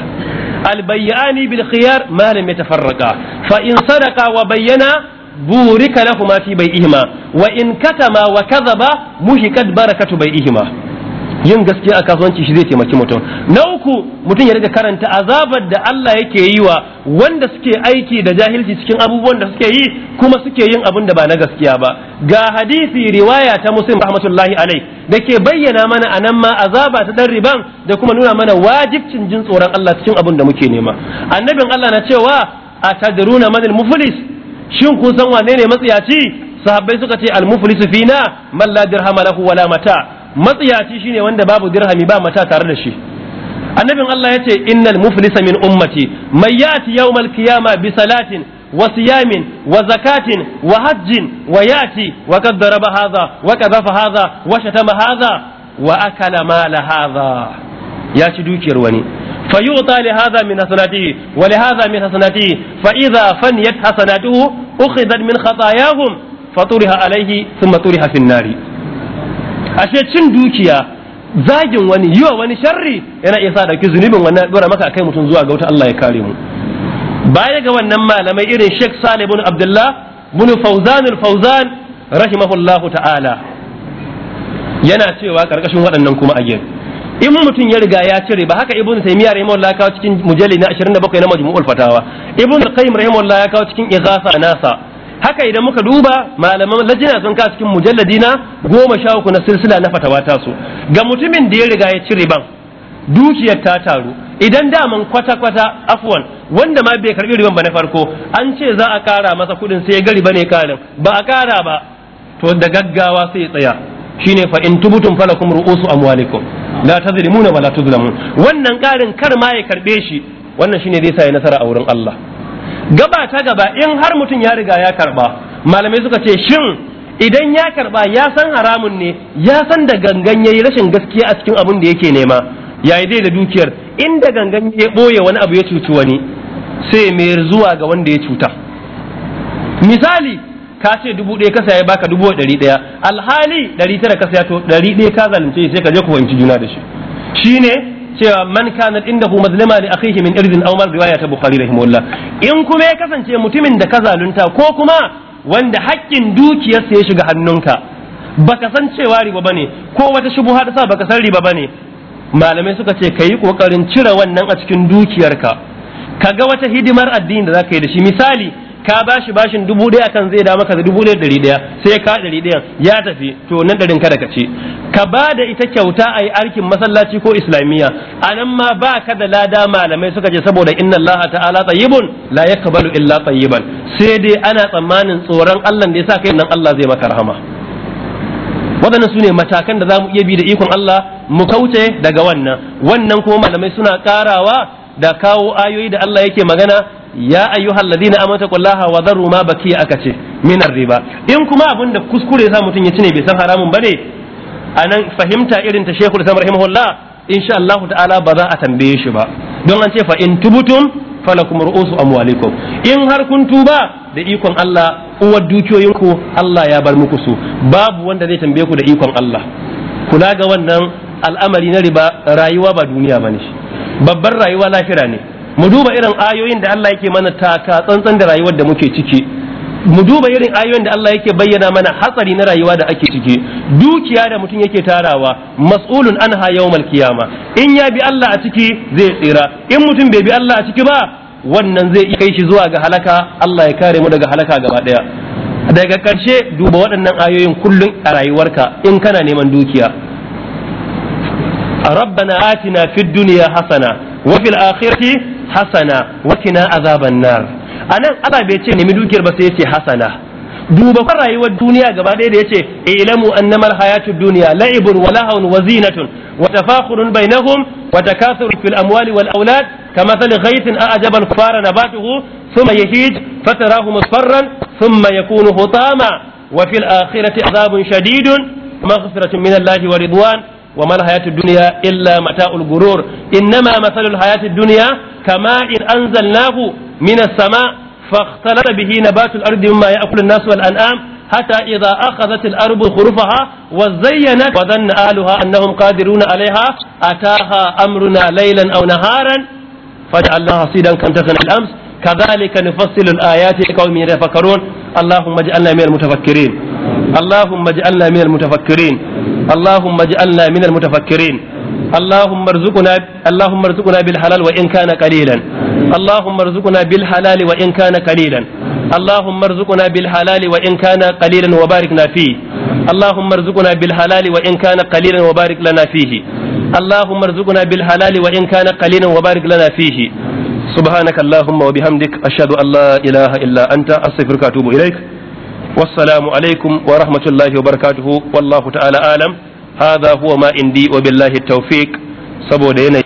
albayyani bil khiyar malam ya tafarraka fa in sadaqa wa bayyana burika lahuma fi bai'ihima wa in katama wa kadhaba muhikat barakatu bai'ihima yin gaskiya a kasuwanci shi zai taimaki mutum na uku mutum ya rage karanta azabar da Allah yake yi wa wanda suke aiki da jahilci cikin abubuwan da suke yi kuma suke yin abin da ba na gaskiya ba ga hadisi riwaya ta muslim rahmatullahi alai da ke bayyana mana a nan ma azaba ta dan riban da kuma nuna mana wajibcin jin tsoron Allah cikin abun da muke nema annabin Allah na cewa a tadruna manil muflis shin kun san wane ne matsiyaci sahabbai suka ce al fina man la dirhama lahu wala mata matsiyaci shine wanda babu dirhami ba mata tare da shi annabin Allah ya ce innal muflisa min ummati mai yati yawmal qiyama bi salatin wa siyamin wa zakatin wa hajjin wa yati wa qad daraba hadha wa qadhafa hadha wa shatama hadha wa akala mala hadha ya ci dukiyar wani فيعطى لهذا من حسناته ولهذا من حسناته فإذا فنيت حسناته أخذت من خطاياهم فطرها عليه ثم طرها في النار ashe cin dukiya zagin wani yi wa wani sharri yana iya sa dauki zunubin wannan ɗora maka kai mutum zuwa ga wuta Allah ya kare mu baya ga wannan malamai irin Sheikh Salih ibn Abdullah ibn Fawzan al-Fawzan rahimahullahu ta'ala yana cewa karkashin waɗannan kuma a gefe. in mutum ya riga ya cire ba haka ibnu taymiya rahimahullah ya kawo cikin mujalli na 27 na majmu'ul fatawa ibnu qayyim rahimahullah ya kawo cikin ighatha nasa haka idan muka duba malaman lajina sun kawo cikin mujalladi na 13 na silsila na fatawa ta su ga mutumin da ya riga ya cire ban dukiyar ta taru idan daman kwata-kwata afwan wanda ma bai karbi riban ba na farko an ce za a kara masa kudin sai ya gari bane karin ba a kara ba to da gaggawa sai ya tsaya shine fa in tubutum falakum ru'usu amwalikum la tazlimuna wa la wannan karin kar ma ya karbe shi wannan shine zai sa ya nasara a wurin Allah gaba ta gaba in har mutum ya riga ya karba malamai suka ce shin idan ya karba ya san haramun ne ya san da gangan yayi rashin gaskiya a cikin abin da yake nema yayi dai da dukiyar inda gangan ya boye wani abu ya cuci wani sai mai zuwa ga wanda ya cuta misali ka ce dubu ɗaya ka saya baka dubu ɗari ɗaya alhali ɗari tara ka saya to ɗari ɗaya ka zalunce sai ka je ku fahimci juna da shi Shi ne cewa man kana indahu mazlima li akhihi min irzin aw mar riwaya ta bukhari rahimahullah in kuma ya kasance mutumin da ka zalunta ko kuma wanda haƙƙin dukiyarsa ya shiga hannunka baka san cewa riba bane ko wata shubuha ta sa baka san riba ne. malamai suka ce ka yi kokarin cire wannan a cikin dukiyarka ga wata hidimar addini da zaka yi da shi misali ka bashi bashin dubu daya kan zai da maka dubu daya dari daya sai ka dari daya. ya tafi to nan darin kada ka ce ka ba da ita kyauta a yi arkin masallaci ko islamiyya a nan ma ba ka da lada malamai suka ce saboda inna allah ta'ala tayyibun la yakbalu illa tayyiban sai dai ana tsammanin tsoron Allah da ya sa kai nan Allah zai maka rahama waɗannan su ne matakan da za mu iya bi da ikon Allah mu kauce daga wannan wannan kuma malamai suna karawa da kawo ayoyi da Allah yake magana ya ayyuhal ladina amanta qullaha wa dharu ma baki aka ce riba in kuma abin da kuskure sa mutun ya ci ne bai san haramun bane anan fahimta irin ta Sheikhul sam rahimahullah insha Allah ta'ala ba za a tambaye shi ba don an ce fa in tubutum falakum ru'usu amwalikum in har kun tuba da ikon Allah uwar dukiyoyinku Allah ya bar muku su babu wanda zai tambaye ku da ikon Allah kula ga wannan al'amari na riba rayuwa ba duniya bane babbar rayuwa lahira ne mu duba irin ayoyin da Allah yake mana taka tsantsan da rayuwar da muke ciki mu duba irin ayoyin da Allah yake bayyana mana hatsari na rayuwa da ake ciki dukiya da mutum yake tarawa mas'ulun anha yawmal kiyama in ya bi Allah a ciki zai tsira in mutum bai bi Allah a ciki ba wannan zai kai shi zuwa ga halaka Allah ya kare mu daga halaka gaba daya daga karshe, duba waɗannan ayoyin kullum a rayuwarka in kana neman dukiya rabbana atina في الدنيا حسنة وفي الآخرة hasana wakina azaban nar anan Allah bai ce nemi dukiyar ba sai ce hasana duba kan rayuwar duniya gaba ɗaya da yace ilamu annamal hayatu duniya la'ibun wa lahawun wa zinatun wa tafakhurun bainahum wa takathurun fil amwali wal aulad kamathali ghaythin a'jaba al kuffara nabatuhu thumma yahij fatarahu musfarran thumma yakunu hutama wa fil akhirati azabun shadidun مغفرة من الله ridwan وما الحياة الدنيا إلا متاع الغرور إنما مثل الحياة الدنيا كماء أنزلناه من السماء فاختلط به نبات الأرض مما يأكل الناس والأنعام حتى إذا أخذت الأرض خرفها وزينت وظن أهلها أنهم قادرون عليها أتاها أمرنا ليلا أو نهارا فجعلناها صيدا كم تصنع الأمس كذلك نفصل الآيات لقوم يتفكرون اللهم اجعلنا من المتفكرين اللهم اجعلنا من المتفكرين اللهم اجعلنا من المتفكرين اللهم ارزقنا اللهم ارزقنا بالحلال وان كان قليلا اللهم ارزقنا بالحلال وان كان قليلا اللهم ارزقنا بالحلال وان كان قليلا وباركنا فيه اللهم ارزقنا بالحلال وان كان قليلا وبارك لنا فيه اللهم ارزقنا بالحلال وان كان قليلا وبارك لنا فيه سبحانك اللهم وبحمدك اشهد ان لا اله الا انت استغفرك واتوب اليك والسلام عليكم ورحمه الله وبركاته والله تعالى اعلم hadha wa ma indi wa billahi tawfiq saboda yanayi